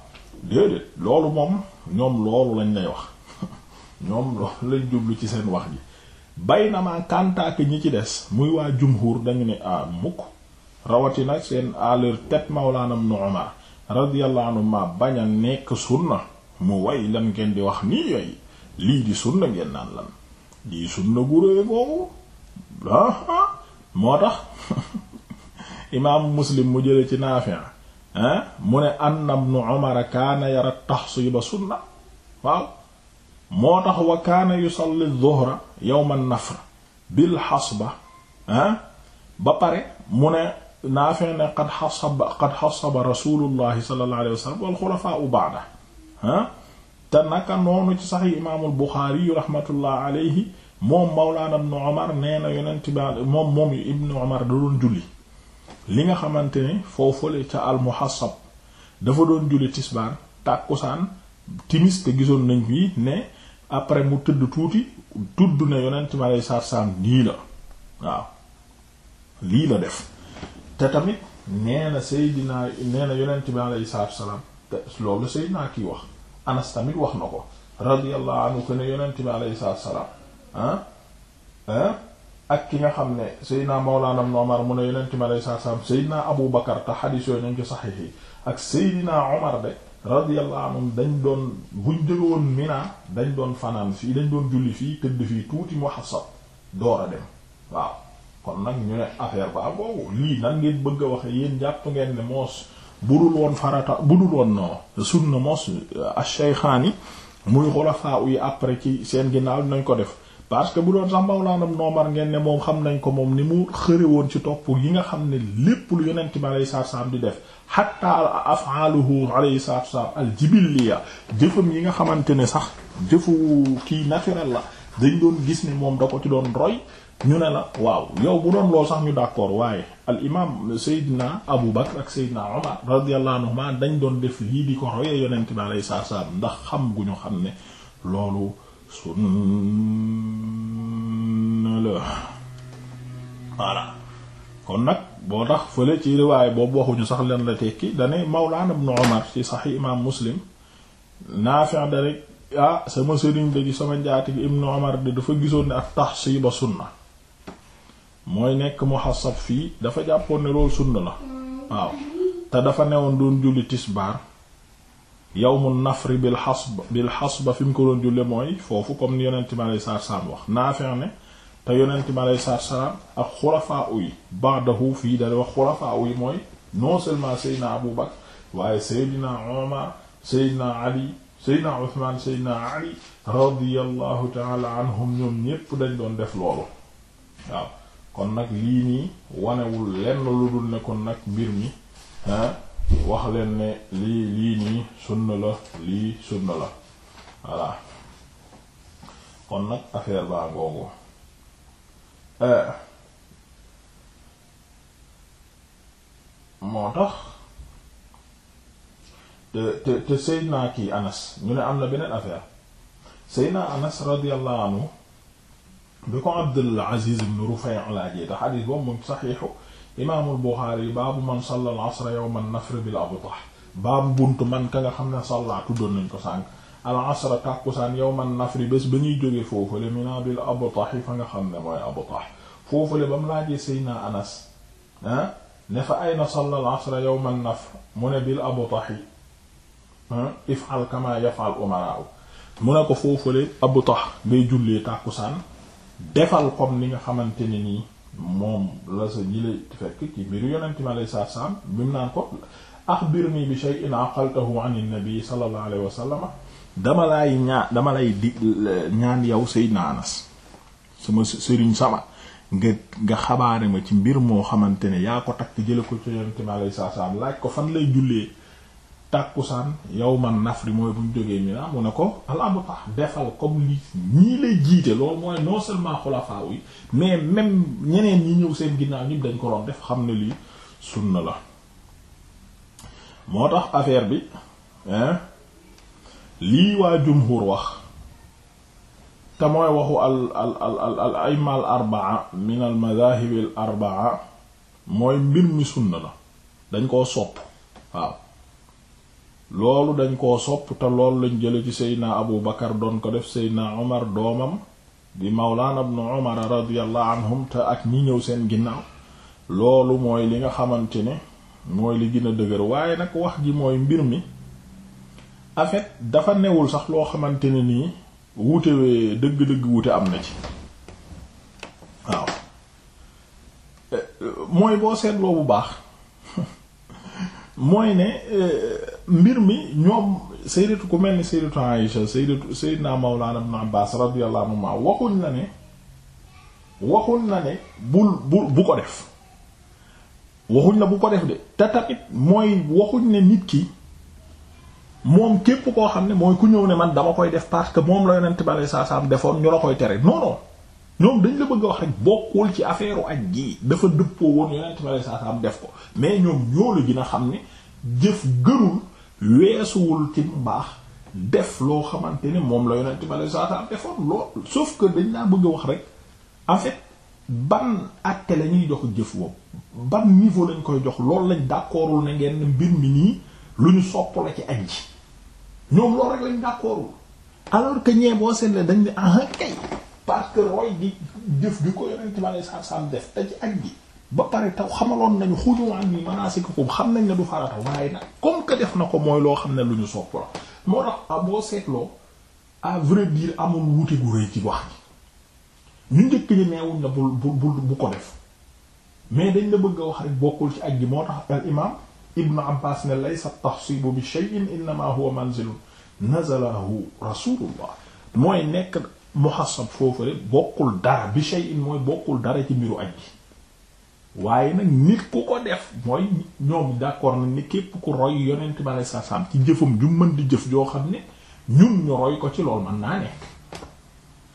déedéet loolu moom ñoom loolu lañ lay wax ñoom loolu lañ jublu ci seen wax ji bay na ma ñi ci des muy waa jumhur dañu ne a ah, mukk rawatina seen à leur tête Mawlana Ibn Umar radiyallahu anhu ma bañ a nekk sunna mu way lan ngeen di wax nii yooyu lii di sunna ngeen naan lan lii sunna gurée boobu ah, ah. moo tax imaamu Muslim mu jële ci Naafi' mu ne anna ibnu umara kaana yara taxsiba sunna waaw moo tax wa kaana yusalli dhuhra yawma nafr bil xasba ba pare mu ne naafi ne qad xasaba qad xasaba rasulullahi sallallahu alayhi wa sallam wal xulafaa ba'da te naka noonu ci sax imaamul buxaari rahmatullah alayhi moom mawlaana ibnu umar nee na yonent bi moom moom ibnu umar da doon julli li nga xamante ni foofale ca almuhassab dafa doon julli tisbaar tàkkusaan timis te gisoon nañ fii ne après mu tëdd tuuti tudd ne yonent mi aleyhi salaatu salaam nii la waaw lii la def te tamit nee na Seydina nee na yonent bi aleyhi salaatu salaam te loolu Seydina kiy wax Anas tamit wax na ko radiyallahu anhu ne yonent bi aleyhi salaatu salaam ah, ah, ak ki nga xam ne Seydina Mawlana Ibn Umar mu ne yonent mi alayhi salaam Seydina Abu Bakar te xadiis yooyu nañ ci saxiix yi ak Seydina Umar de radiyallahu anhum dañ doon buñ jógewoon Mina dañ doon fanaan fii dañ doon julli fii tëdd fii tuuti mu xasab door a dem waaw kon nag ñu ne affaire ba boobu lii nan ngeen bëgg a waxe yéen jàpp ngeen ne moos budul woon farata budul woon no sunna moos euh, ash-Shaykhaani muy xulafaa yi après ci seen ginnaaw nañ ko def parce que bu doon sax Mawlaana Noomar ngeen ne moom xam nañ ko moom ni mu xëre woon ci topp yi nga xam ne lépp lu yonent bi alayhi salaatu salaam di def hatta af'aaluhu alayhi salaatu salaam al jibiliya jëfam yi nga xamante ne sax jëfu kii naturel la dañ doon gis ni moom da ko ci doon roy ñu ne la waaw yow bu doon lool sax ñu d'accord waaye al imaam Seydina Abu Bakr ak Seydina Umar radiyallahu anhuma dañ doon def lii di ko royee yonent bi alayhi salaatu salaam ndax xam gu ñu xam ne loolu. sunna la voilà kon nag boo tax fële ci riwaay boobu waxuñu sax leen la tekki dane mawlaana ibnu Umar ci saxi imaam Muslim Naafi' da rek ah sama sëriñ de sama njaati ibnu Umar de dafa gisoon ne ak tahsiba sunna mooy nekk muhassab fii dafa jàppoon ne loolu sunna la waaw te dafa newoon doon julli tisbaar yawmu nafri bil xasba bil xasba fi mu ko doon julle mooy foofu comme ni yonent mi alayhi salaatu salaam wax Naafi' ne te yonent mi alayhi salaatu salaam ak xulafaa yi ba'dahu fii dara wax xulafaa yi mooy non seulement Seydina Abu Bakr waaye Seydina Omar Seydina Ali Seydina Ousmane Seydina Ali radiyallahu ta'ala anhum ñoom ñépp dañ doon def loolu waaw kon nag lii nii wanewul lenn lu dul ne kon nag mbir mi ah, wax leen ne lii lii nii sunna la lii sunna la voilà kon nag affaire baa ngoogu euh, moo tax te te te Seydina kii Anas ñu ne am na beneen affaire Seydina Anas radiyallahu anhu bi ko Abdul Aziz ibn Rufay' laajee te xadiis boobu moom saxiixu imaamul Buxaari yi baabu man salla al-asra yawma an-nafr bil abtah baabu buntu man ka nga xam ne salla tuddoon nañ ko sànq al-asra tàkkusaan yawma an-nafr bés ba ñuy jóge foofule mina bil abtah yi fa nga xam ne mooy abtah foofule ba mu laajee Seydina Anas ah ne fa ayna salla al-asra yawma an-nafr mu ne bil abtah yi ah, if'al kama yaf'al umara'u mu ne ko foofule abtah ngay jullee tàkkusaan defal comme li nga xamante ne nii moom la sa jile fekk ci mbiru yonente mi alayhi salaatu salaam bi mu naan ko axbirnii bi shay'in aqaltahu an nabi sallallahu alayhi wa sallam dama lay ñaa dama lay di ñaan yow Seydina Anas sama sëriñ sama nga nga xabaare ma ci mbir moo xamante ne yaa ko takk jële ko ci yonente mi alayhi salaatu salaam laaj ko fan lay jullee tàkkusaan yow man nafri mooy bu ñu jógee Mina mu ne ko alambu tax defal comme li ñii lay jiite loolu mooy non seulement xulafaa yi mais même ñeneen ñi ñëw seen ginnaaw ñëpp dañ ko doon def xam ne lii sunna la moo tax affaire bi lii waa jumhur wax te mooy waxu al al al al ayma min al madahib al mooy mbir mi sunna la dañ koo sopp waaw loolu dañ koo sopp te loolu lañ jële ci seydna abu bakar doon ko def seydna omar doomam di mawlaana ibnu omar radiyallahu anhum te ak ñi ñëw seen ginnaaw loolu mooy li nga xamante ne mooy li gën a dëgër waaye nag wax ji mooy mbir mi en dafa newul sax loo xamante ne nii wuute dëgg-dëgg wuute am na ci waaw euh, mooy boo seetloo bu baax mooy ne euh, mbir mi ñoom sayyidatu ku mel ni sayyidatu Aisha sayyidatu sayyidna Mawlana Ibn Abbas radiyallahu anhuma waxuñ na ne waxuñ na ne bul bu bu ko def waxuñ na bu ko def de te tamit mooy waxuñ ne nit ki moom képp koo xam ne mooy ku ñëw ne man dama koy def parce que moom la yonent bale saa saam defoon ñu la koy tere non non ñoom dañ la bëgg a wax rek bokkul ci affaire aj ji dafa dëppoo woon yonent bale saa saam def ko mais ñoom ñoo la gën xam ne jëf gërul weesuwul ci lu baax def loo xamante ne moom la yonent ma lay saa defoon lool sauf que dañ laa bëgg wax rek en fait ban àtte lañuy jox jëf boobu ban niveau lañ koy jox loolu lañ d'accordul na ngeen mbir mi nii lu ñu sopp la ci añ ji ñoom loolu rek lañ d'accordul alors que ñee boo seetlee dañ ne ah kay parce que roy di jëf di ko yonent ma lay saa def te ci añ ji. ba pare taw xamaloon nañu xujowaan ni manasikakum xam nañ ne du farata waaye nag comme que def na ko mooy loo xam ne lu ñu sopp moo tax ah, boo seetloo à vrai dire amul wuute gu ci wax ji ñu njëkk ñi neewuñ la bu ko def mais dañ la bëgg a wax rek bokkul ci ak ji moo tax al imam ibnu abbas ne laysa tahsibu bi shay'in innama huwa manzilun nazalahu rasulullah mooy nekk muhassab foofu rek bokkul dara bi shay'in mooy bokkul dara ci mbiru aj ji waaye nag nit ku ko def mooy ñoom d'accord nañ ni képp ku roy yonent ma sa sam ci jëfam ju mën di jëf joo xam ne ñun ñu roy ko ci loolu mën naa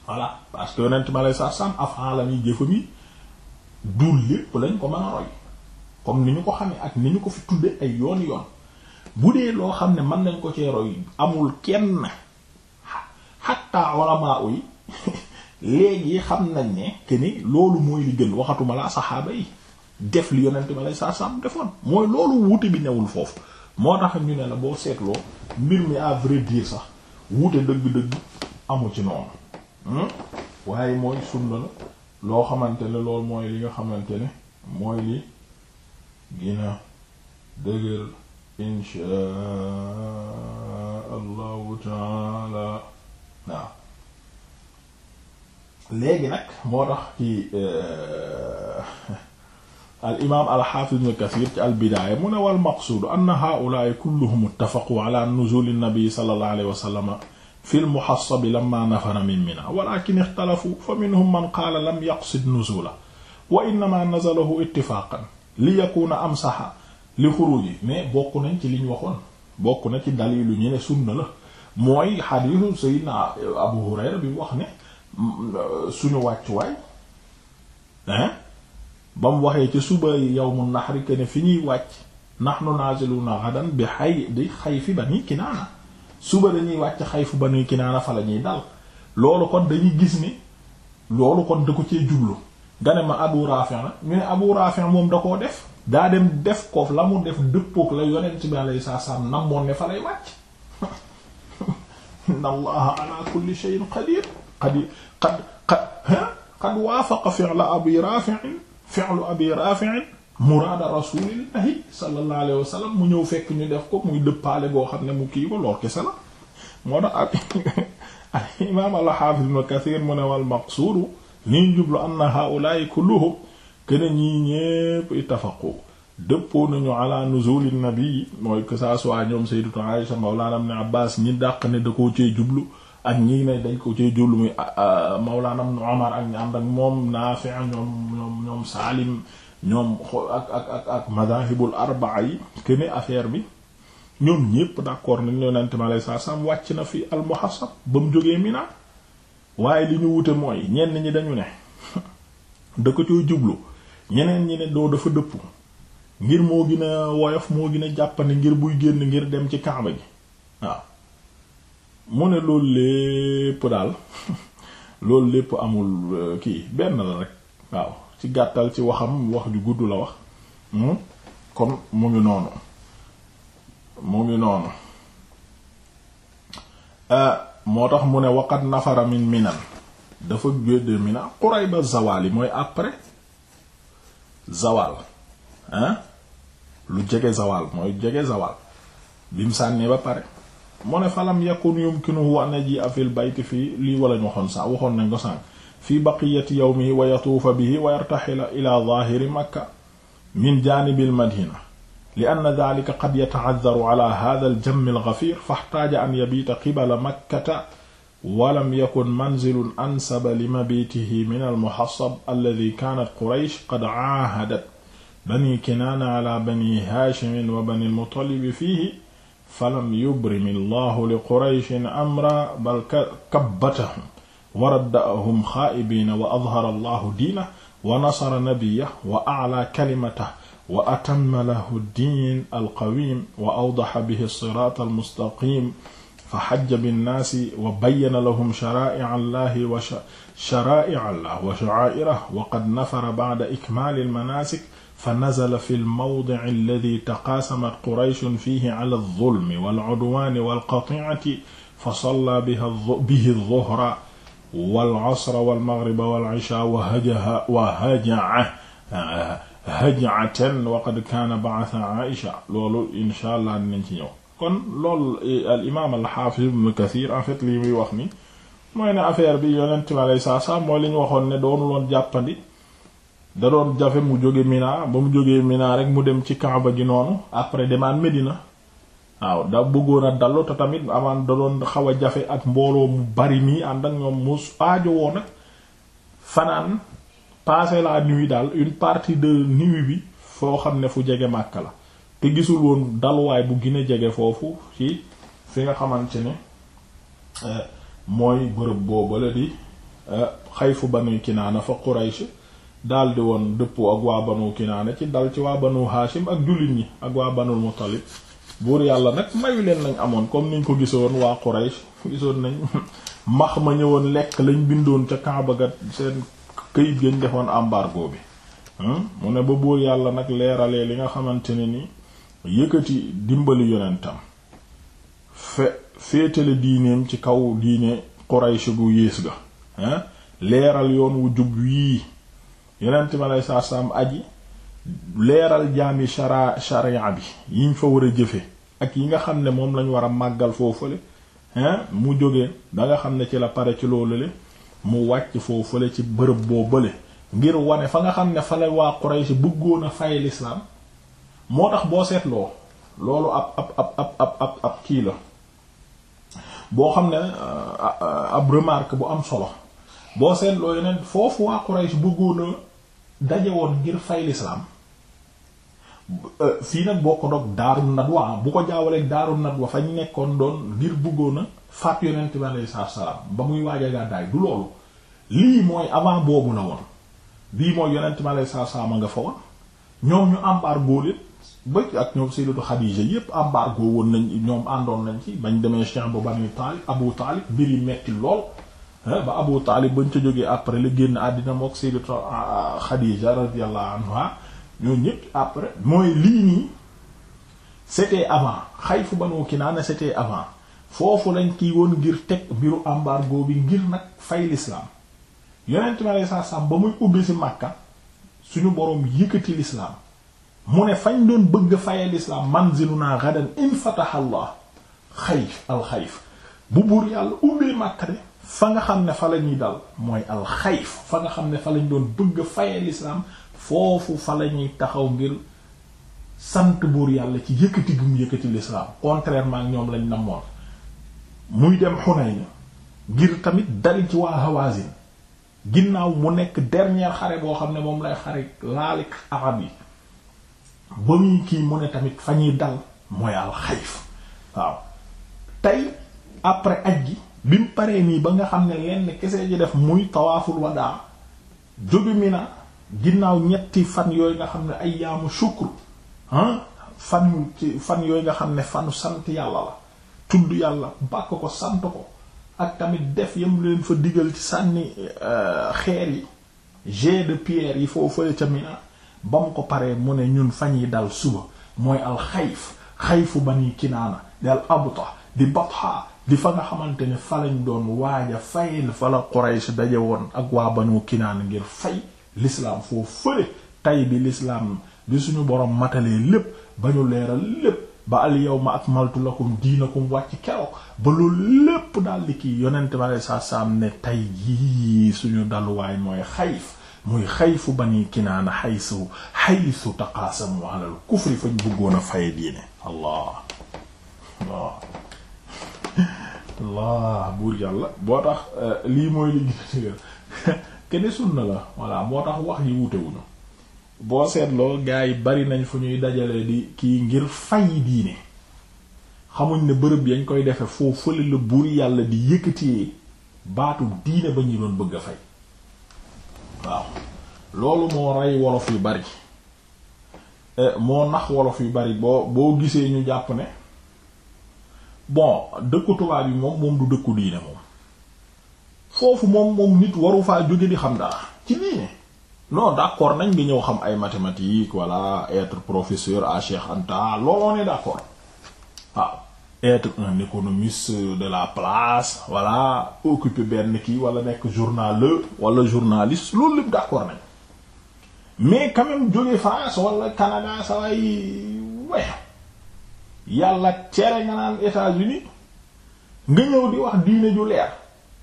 voilà parce que yonent bi sa sam afan la ñuy jëfam yi dul lépp ko mën a ak ni ñu ko fi tudde ay yoon yoon bu dee loo xam ne mën nañ ko cee roy amul kenn xatta ulama yi léegi xam nañ ne ni loolu mooy li gën waxatuma la saxaaba yi def li yonent ma lay sarsam defoon mooy loolu wuute bi newul foofu moo tax ñu ne la boo seetloo mbir mi à vrai dire sax wuute dëgg-dëgg amu ci noonu hmm? waaye mooy sunna la loo xamante ne loolu mooy li nga xamante ne mooy li gina dëgër insha allahu taala waaw léegi nag moo tax ci euh, al imaam al xaafiz ibn kasiir ci al bidaaya mu ne wal maqsuudu anna haa'ulaa'i kulluhum ittafaqu ala nuzuuli nabi sallallahu alayhi wa sallam fi al muhassabi lamma nafara min mina walaakin ixtalafu fa minhum man qaala lam yaqsid nuzuula wa innamaa nazalahu ittifaaqan li yakuuna amsaha li xuruuji mais bokk nañ ci liñ waxoon bokk na ci dalilu ñu ne sunna la mooy xadiisu sayyidina Abu Hurayra bi wax ne mm, suñu wàccuwaay hein ba mu waxee ci suba yawmu nahri ne fi ñuy wàcc nahnu na ghadan bi xay di xayfi bani kinaana suba dañuy wàcc xayfu bani kinaana fa la ñuy dal loolu kon dañuy gis ni loolu kon da ko cee jublu nga ma abu rafi na ñu ne abu rafi moom da koo def daa dem def koof la mu def dëppook la yonent bi alayhi salaam namoon ne fa lay wàcc inna allaha ala kulli shay'in qadir qad qad qad waafaqa fi'la abi rafi'in fi'lu abi rafi'in muraada rasulillahi sallallahu alayhi mu ñëw fekk ñu def ko muy dëppaale boo xam ne mu kii ko loor kese la moo tax al imaam al xaafis ibn kathir mu ne wal maqsuudu liñ jublu anna haa'ulaa'i kulluhum kene ñii ñépp ittafaqu dëppoo nañu ala nuzuli nabi mooy que ça soit ñoom sayyidatu Aisha mawlaana ibn Abbaas ñi dàq ne da koo cee jublu ak ñii ne dañ ko cee jullu muy ah, ah, Mawlana Ibn Umar ak ñi ànd ak moom Naafi' ñoom ñoom ñoom ñoom ak ak ak ak madahibul arbaa yi kene affaire bi ñoom ñépp d'accord nañ yonente mi alei sat selaam wàcc na fi al muhassab ba mu jógee Mina waaye li ñu wute mooy ñenn ñi dañu ne da ko cooy jublu ñeneen ñi ne doo dafa dëpp ngir moo gën woyof moo gën jàppandi ngir buy génn ngir dem ci Kaaba gi waaw mu ne loolu lépp daal loolu lépp amul euh, kii benn la rek waaw ci gàttal ci waxam wax ju gudd la wax hmm? kon mu ngi noonu mu ngi noonu euh, moo tax mu ne waqat nafara min minan dafa gédde mina qurayba zawal yi mooy après zawal lu jege zawal mooy jege zawal bim sànnee ba pare mu ne falam yakun yumkinuhu an yaji'a fil bayt fii lii wala ñu waxoon sa waxoon nañ ko sànq fii baqiyati yawmihi wa yatuufa bihi wa yartaxila ila zaahiri makka min jaanibil madina li anna daalika qad yata'azzaru ala haadhal jammil ghafiir faxtaaja an yabiita qibala makkata walam yakun manzilun ansaba li mabiitihi minal muhassab alladhi kaanat quraysh qad caahadat bani kinaana ala bani haashimin wa bani al-muttalib fiihi falam yubrim allahu li qurayshin amra bal kabbatahum wa radda'ahum xaa'ibiina wa adhara allahu diina wa nasara nabiyah wa a'la kalimatah wa atamma lahu diin alqawim wa awdaxa bihi siraat almustaqim fa xajja binnaasi wa bayyana lahum sharaa'i'a allahi wa sharaa'i'a allah wa sha'aa'irahu wa qad nafara ba'da ikmaali almanaasik fa nazala fi lmawdici alladi taqaasamat qurayshun fiihi cala aldulmi walcudwaani walqatiicati fa sallaa bihi alzuhra walcasra walmagriba walcishaa wa hajaca hajcatan waqad kaana bacasa caaisha loolu incha allah dinañ ci ñëw kon loolu al imaam al xaafis ibn kathir en fait lii muy wax ni mooy ne affaire bi yonent bi alayhi salaam mooy li ñu waxoon ne doonu loon jàppandi da doon jafe mu jóge Mina ba mu jógee Mina rek mu dem ci Kaaba gi noonu après demaan Medina waaw da bëggoon a dallu tamit amaan da doon xaw a jafe ak mbooloo mu bari nii ànd ak ñoom mu aajo woon ak fanaan passer la nuit daal une partie de nuit bi foo xam ne fu jege Makka la te gisul woon dalwaay bu gën jege foofu ci fi nga xamante ne eh, mooy bërëb boobu la di eh, Xayfu Banu Kinaana fa Quraysh daldi woon dëppoo ak waa banu kinaana ci dal ci waa banu haashim ak jullit ñi ak waa banul muttalib buur yàlla nag mayu leen lañ amoon comme niñ ko woon waa quraysh gisoon nañ max ma ñëwoon lekk lañ bindoon ca Kaaba ga seen këyit gañ defoon embargo bi hmm? mu ne ba buur yàlla nag leeralee li nga xamante ne ni yëkkati dimbali yonentam fe féetale diineem ci kaw diine quraysh gu yées ga hmm? leeral yoon wu jub wii yonent ma lay saa saam aji leeral jaami shara sharia bi yiñ fa war a jëfe ak yi nga xam ne moom lañ war a màggal foofule hein mu jóge danga xam ne ci la pare ci loolu le mu wàcc foofule ci bërëb boo bële ngir wane fa nga xam ne fa la waa Quraysh bëggoon a fay l'islam moo tax boo seetloo loolu ab ab ab ab ab ab kii la boo xam ne euh, ab remarque bu am solo boo seetloo yeneen foofu waa Quraysh bëggoon a daje woon ngir fay l'islam euh, fii nag boo ko dog daarul waa bu ko jaawaleeg daarul nadwa fañ nekkoon doon ngir bëggoon a faat yonent bi alayhi salaatu salaam ba muy waaj a gàddaay du loolu lii mooy avant boobu la woon lii mooy yonent bi alayhi salaatu salaam a nga fa woon ñoom ñu embargo leen ba ak ñoom Sayyidatu Xadiija yépp embargo woon nañ ñoom àndoon nañ ci bañ demee Cheikh bu Bani Taalib Abu Taalib mbir yi metti lool ba Abu Taalib bañ ca jógee après la génn àddina mook Sayyidatu euh, Khadija radiyallahu anha ñoo ñëpp après mooy lii nii c'était avant Xayfu Banu Kinaana c'était avant foofu lañ kii woon ngir teg mbiru embargo bi ngir nag fay l'islam yonent mi alayhi salaam ba muy ubbi ci Makka suñu boroom yëkkati l'islam mu ne fañ doon bëgg faye l'islam manziluna ghadan in fataha Allah xayf al xayf bu buur yàlla ubbi Makka de fa nga xam ne fa la ñuy dal mooy alxayf fa nga xam ne fa lañ doon bëgg a faye lislaam foofu fa la ñuy taxaw ngir sant buur yàlla ci yëkkati gum yëkkati lislaam contrairement ñoom lañu namoon muy dem Hunayn ngir tamit dali ci waa Hawazin ginnaaw mu nekk dernier xare boo xam ne moom lay xare laalik arab yi ba muy kii mu ne tamit fa ñuy dal mooy alxayf waaw tey après aj gi bi mu paree nii ba nga xam ne lenn kese ji def muy tawaaful wadaa jóge Mina ginnaaw ñetti fan yooyu nga xam ne ay yaamu shukr ah, fan ci yooyu nga xam ne fanu sant yàlla la tudd yàlla bàkk ko sant ko ak tamit def yam leen fa digal ci sànni euh, xeer yi jet de pierre yi foo fële ca Mina ba mu ko paree mu ne ñun fañ yi dal suba mooy al xayf xayfu bani kinaana di al abta di batha li fa nga xamante ne fa lañ doon waaja fayil fa Quraysh daje woon ak waa Banu Kinaana ngir fay lislaam foo fële tay bi l'islam bi suñu borom matalee lépp ba ñu leeral lépp ba al yawma akmaltu lakum diinakum wàcc keroog ba loolu lépp daal di kii yonente ma lay saa saam ne tay jii suñu daluwaay mooy xayf muy xayfu bani kinaana xaysu xaysu taqaasamu alal kufri fañ bëggoon a faye diine allah allah allah buur yàlla boo tax euh, lii mooy li gën kene sunna la voilà moo tax wax yi wutewuñu boo seetloo gaa yi bari nañ fu ñuy dajale di kii ngir fay diine xamuñ ne bërëb yañ koy defe foofu fële la buur yàlla di yëkkatee baatu diine ba ñu doon bëgg a fay waaw loolu moo rey wolof yu bari euh, moo nax wolof yu bari boo boo gisee ñu jàpp ne bon dëkku tubaab yi moom moom du dëkku diine moom foofu moom moom nit waru faa jóge di xam dara ci diine non d'accord nañ nga ñëw xam ay mathématiques voilà être professeur à Cheikh Anta looloo ne d'accord waaw être un économiste de la place voilà occuper benn kii wala nekk journaleux wala journaliste loolu lépp d'accord nañ mais quand même jóge France wala Canada sa yàlla cere nga naan États-Unis nga ñëw di wax diine ju leer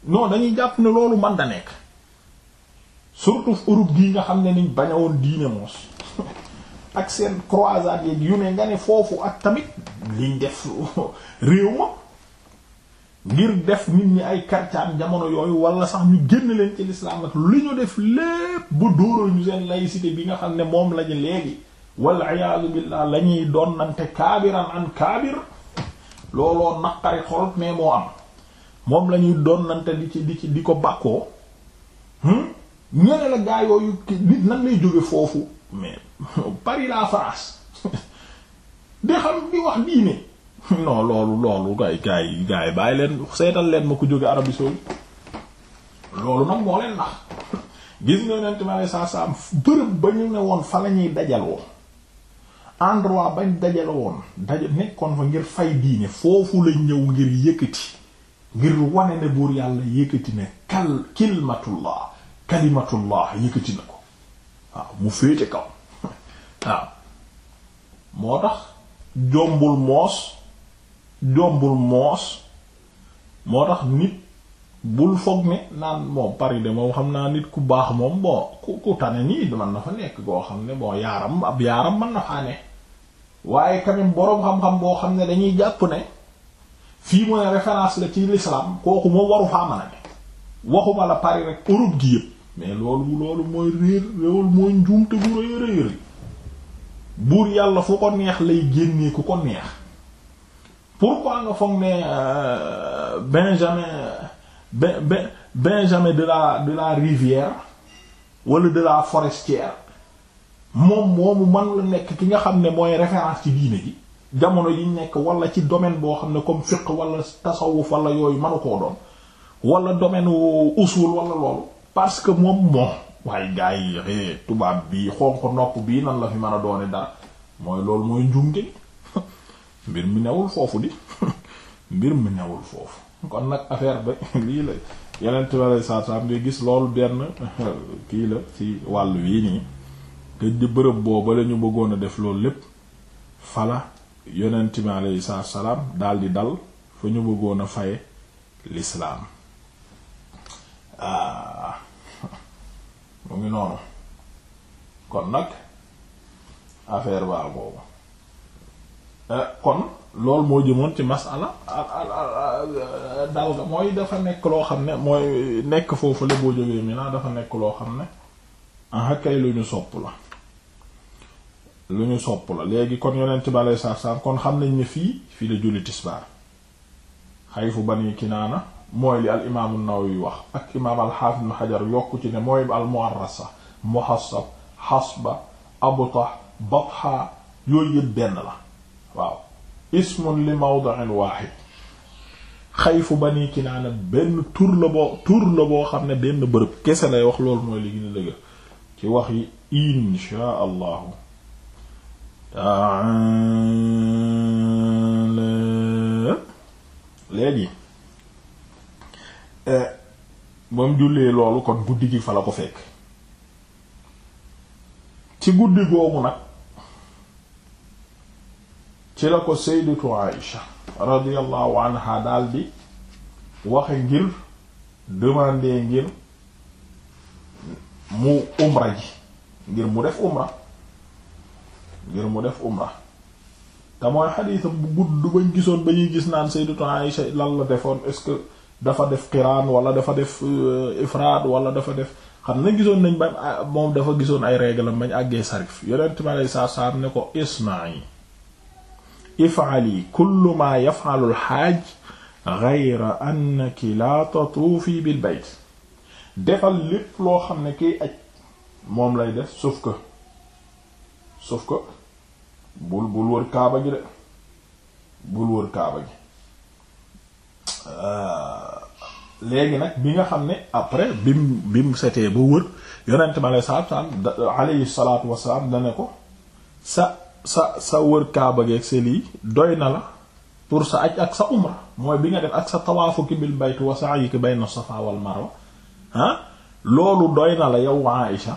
non dañuy jàpp ne loolu man da nekk surtout Europe gii nga xam ne niñ bañ a woon diine moos ak seen croisade yeeg yu ne nga ne foofu ak tamit liñ def réew ma ngir def nit ñi ay karcaan jamono yooyu wala sax ñu génn leen ci l'islam ak li ñu def lépp bu dóoroo ñu seen laïcité bi nga xam ne moom lañu léegi wal iyaadu billah la ñuy donnante kaabiran an kaabir looloo naqari xol mais moo am moom la ñuy di ci di ci di ko bàkkoo hmm? ñene la gaa yooyu nan lay jóge foofu mais Paris la France di xam di wax diine non loolu loolu gaay gaay bàyyi leen seetal leen ma ko jóge Arabie saoudite loolu nag moo leen nax gis nga nent ma lay saa saam bërëb ba ñu ne woon fa la ñuy dajaloo endroit ba dajale woon daje nekkoon fa ngir fay diine foofu lañ ñëw ngir yëkkati ngir wane ne buur yàlla yëkkati ne kal kilmatullah kalimatullah yëkkati na ko waaw mu féete kaw waaw moo tax jombul moos jombul moos moo tax nit bul foog ne naan moom Paris de moom xam naa nit ku baax moom bon ku ku tane nii mën na fa nekk koo xam ne bon yaaram ab yaaram mën na faa ne waaye quand même boroom xam-xam boo xam ne dañuy jàpp ne fii mu ne référence la ci l'islam kooku moom waru faa ne waxuma la Paris rek Europe gi yëpp mais loolu loolu mooy réer loolu mooy njuumte bu rëy rëy rëy buur yàlla fu ko neex lay génnee ku ko neex pourquoi nga foog ne euh, Benjamin Benjamin de la de la rivière wala de la forestière moom moomu man la nekk ki nga xam ne mooy référence ci diine ji jamono yi nekk wala ci domaine boo xam ne comme fiqh wala tasawuf wala yooyu manu koo doon wala domaine usul wala loolu parce que moom moom waaye gars yi eh, tubaab bi xonq nopp bii nan la fi mën a doone daal mooy loolu mooy njumte mbir mu newul foofu di mbir mu newul foofu kon nag affaire ba lii la yeneen tubaab yi saa saa ngay gis loolu benn kii la ci wàll yii nii. te di bërëb booba la ñu bëggoon a def loolu lépp fala yonent bi aleyhi salaatu salaam daldi dal fa ñu bëggoon a faye lislaam ah mu ngi noonu kon nag affaire baa boobu eh, kon lool moo jëmoon ci masala dal ga mooy dafa nekk loo xam ne mooy nekk foofu la boo jógee mi naa dafa nekk loo xam ne ah kay lu ñu sopp la lu ñu sopp la léegi kon yonent bi aleyhi salaatu salaam kon xam nañ ne fii fii la julli tisbaar xayfu bani kinaana mooy li al imaamu Nawawi wax ak imaam alxaafis ibn Hajar yokk ci ne mooy al mu'arrasa muhassab hasba abtah batha yooyu yëpp benn la waaw ismun li mawdi'in waahid xayfu bani kinaana benn tur la boo tur xam ne benn bërëb kese lay wax loolu mooy li gën a dëgg ci wax yi inshaa allahu léegi eh, ba mu jullee loolu kon guddi gi fa la ko fekk ci guddi googu nag ci la ko sayyidatu Aïsha radiyallahu anha daldi waxe ngir demander ngir mu umra ji ngir mu def umra ngir mu def umra te mooy bu gudd bañ gisoon ba gis naan sayyidatu Aïsha lan la defoon est-ce que dafa def qiraan wala dafa def euh, ifraad wala dafa def xam na gisoon nañ ba ah, moom dafa gisoon ay règlam bañ àggee sarif yonent ne ko isma'i if'ali kullu ma yaf'alu al-hajj la tatuufi bil bayt defal lépp loo xam ne kiy aj moom lay def sauf que sauf ko bul bul wër kaaba ji de bul wër kaaba ji euh, léegi nag bi nga xam ne après bi bim mu setee ba wër yonent ma alei salatu salaam alayhi salatu ko sa sa sa wër kaaba geeg se lii doy na la pour sa aj ak sa umra mooy bi nga def ak sa tawaafu ki bil bayt wa sa'yi ki bayna safa wal marwa loolu doy na la yow Aïcha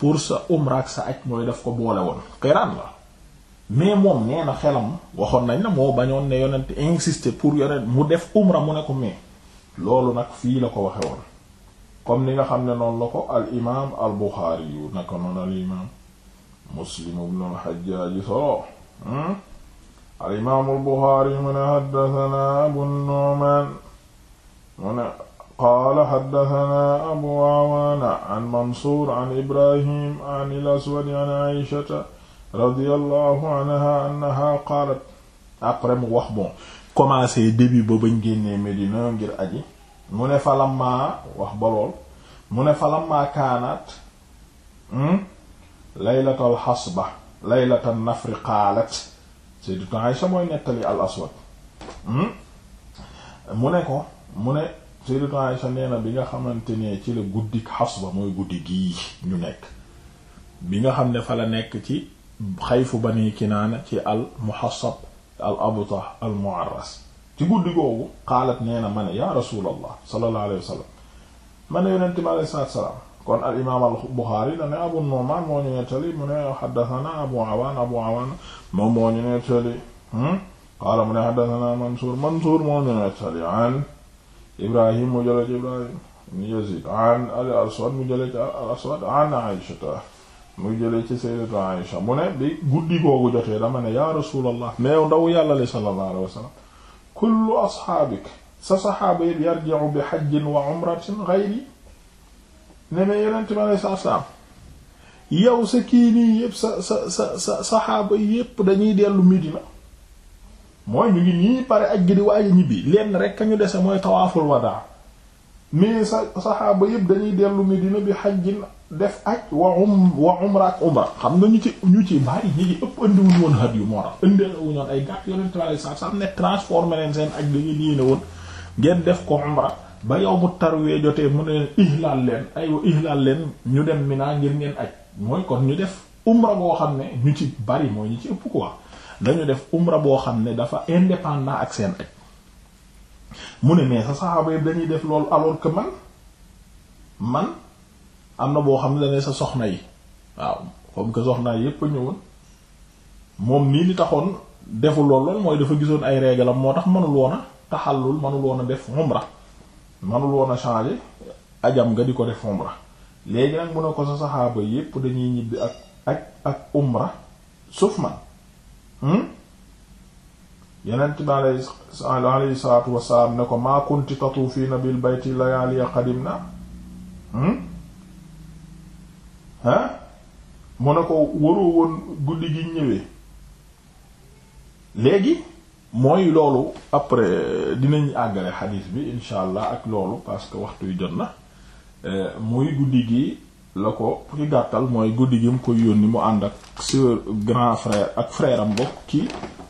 pour sa umra ak sa aj mooy daf ko boole woon xiraan la mais moom nee xelam waxoon nañ la moo bañoon ne yonent insister pour yonent mu def umra mu ne ko mais loolu nag fii la ko waxe woon comme ni nga xam ne noonu la ko al imaam al buxaari yu naka noonu al imaam muslim ibn al hajjaaj solo hmm? al imaam al buxaari mu ne haddathana abu nu'maan mu ne qaala xaddatanaa abu awaana mansuur an an il aswad an aishata radiallahu anha qaalat après mu wax bon commencé début ba bañ génnee Medina ngir aji mu ne falammaa wax ba lool mu ne falammaa kaanaat hmm, laylatal xasba laylatan nafri qaalat sayyidatu Aisha mooy nettali al aswad hmm, mu ne ko mu ne Sayyidatu Aisha nee na bi nga xamante ne ci la guddik Hasba mooy guddi gii ñu nekk bi nga xam ne fa nekk ci xayfu Bani Kinaana ci al Muhassab al Abtah al Mu'arras ci guddi googu xaalat nee na ma ne ya Rasulallah sallallahu alayhi wa sallam ma ne yonente bi alayhi salaatu wa salaam kon al imaam al Buxaari dane Abu Nu'maan moo ñu nettali mu ne haddathana Abu Awaan Abu Awaan moom moo ñu nettali hmm? qaala mu ne haddathana Mansuur Mansuur moo ñu nettali an Ibrahim mu jëlee ci Ibrahim ibn Yazid an al-Aswad mu jëlee ci al-Aswad an Aïshata ci sayyidatu Aïsha mu ne bi guddi ne ya Rasulallah mais yow ndaw yàlla li sallallahu alayhi wa sallam kullu asxaabik sa saxaaba yi bi hajjin wa umratin ghayri ne mais ma lay saaf yow sa kii nii yëpp sa sa sa sa saxaaba yëpp dañuy dellu Medina mooy ñu ngi nii pare aj gi di waaja ñibbi lenn rek ñu dese mooy tawaaful wadaa mais sa saxaaba yëpp dañuy dellu Medina bi xajjin def aj wa um wa umra ak umra xam nga ñu ci ñu ci bari ñi ci ëpp indiwuñ woon xat yu moo tax indiwuñ woon ay gàtt yonent bi alei satu salaam ne transformé leen seen aj dañuy diine woon ngeen def ko umra ba yow mu tarwee jotee mu ne leen ihlaal leen ay wa ihlaal leen ñu dem Mina ngir ngeen aj mooy kon ñu def umra boo xam ne ñu ci bari mooy ñu ci ëpp quoi dañu def umra boo xam ne dafa indépendant ak seen aj mu ne mais sa saxaaba yi dañuy def loolu alors que man man am na boo xam ne dane sa soxna yi waaw comme que soxna yi yépp ñëwoon moom nii li taxoon defu lool mooy dafa gisoon ay règlam moo tax mënul woon a taxallul woon a def umra mënul woon a changer ajam nga di ko def umra léegi nag mu ne ko sa saxaaba yëpp dañuy ñibbi ak ak ak umra sauf man Hmm? yonent bi alayhi salaatu wasalaam ne ko maa kunti tatuufiina bil bayti layaaliya qadimna ah mu ne ko waroo woon guddi gi ñëwee léegi mooy loolu après dinañ àggale xadiis bi incha allah ak loolu parce que waxtu yu jot na euh, muy guddi gi la ko ci gàttal mooy guddi gi mu koy yónni mu ànd ak sœur grand frère ak frère am bokk ki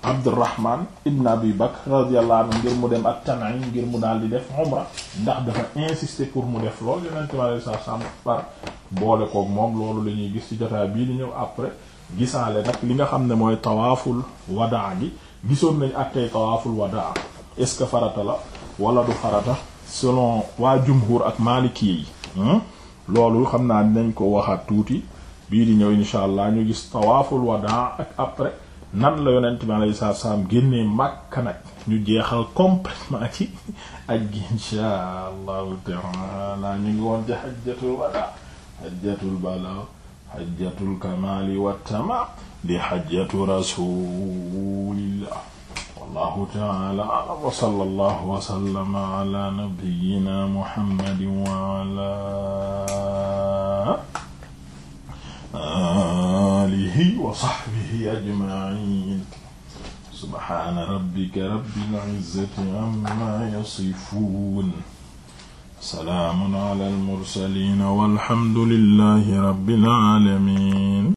Abdurrahman ibn Abi Bakr radiyallahu anhu ngir mu dem ak Tan'im ngir mu daal di def umra ndax dafa insister pour mu def lool yonente mi alei boole koog moom loolu la ñuy gis ci jotaay bii di ñëw après gisaale nag li nga xam ne mooy tawaaful wadaa gi gisoon nañ ak tey tawaaful wadaa est-ce que farata la wala du farata selon waa jumhur ak maliki yi hmm? loolu xam naa dinañ ko waxat tuuti bii di ñëw insha allah ñu gis tawaaful wadaa ak après nan la yonent bi alayhi salaatu salaam génnee Makka nag ñu jeexal complètement ci aj gi insha allahu taala ñu ngi woon ci hajjatul wadaa hajjatul balaa hajjatul kamaali wa di hajjatu rasuulillah wallahu ta'ala a'lam wa sallallahu wa sallama ala nabiyyina muhammadin wa ala alihi wa sahbihi ajma'in subhana rabbika rabbil izzati amma yasifun salaamun ala al mursalin walhamdulillahi rabbil alamin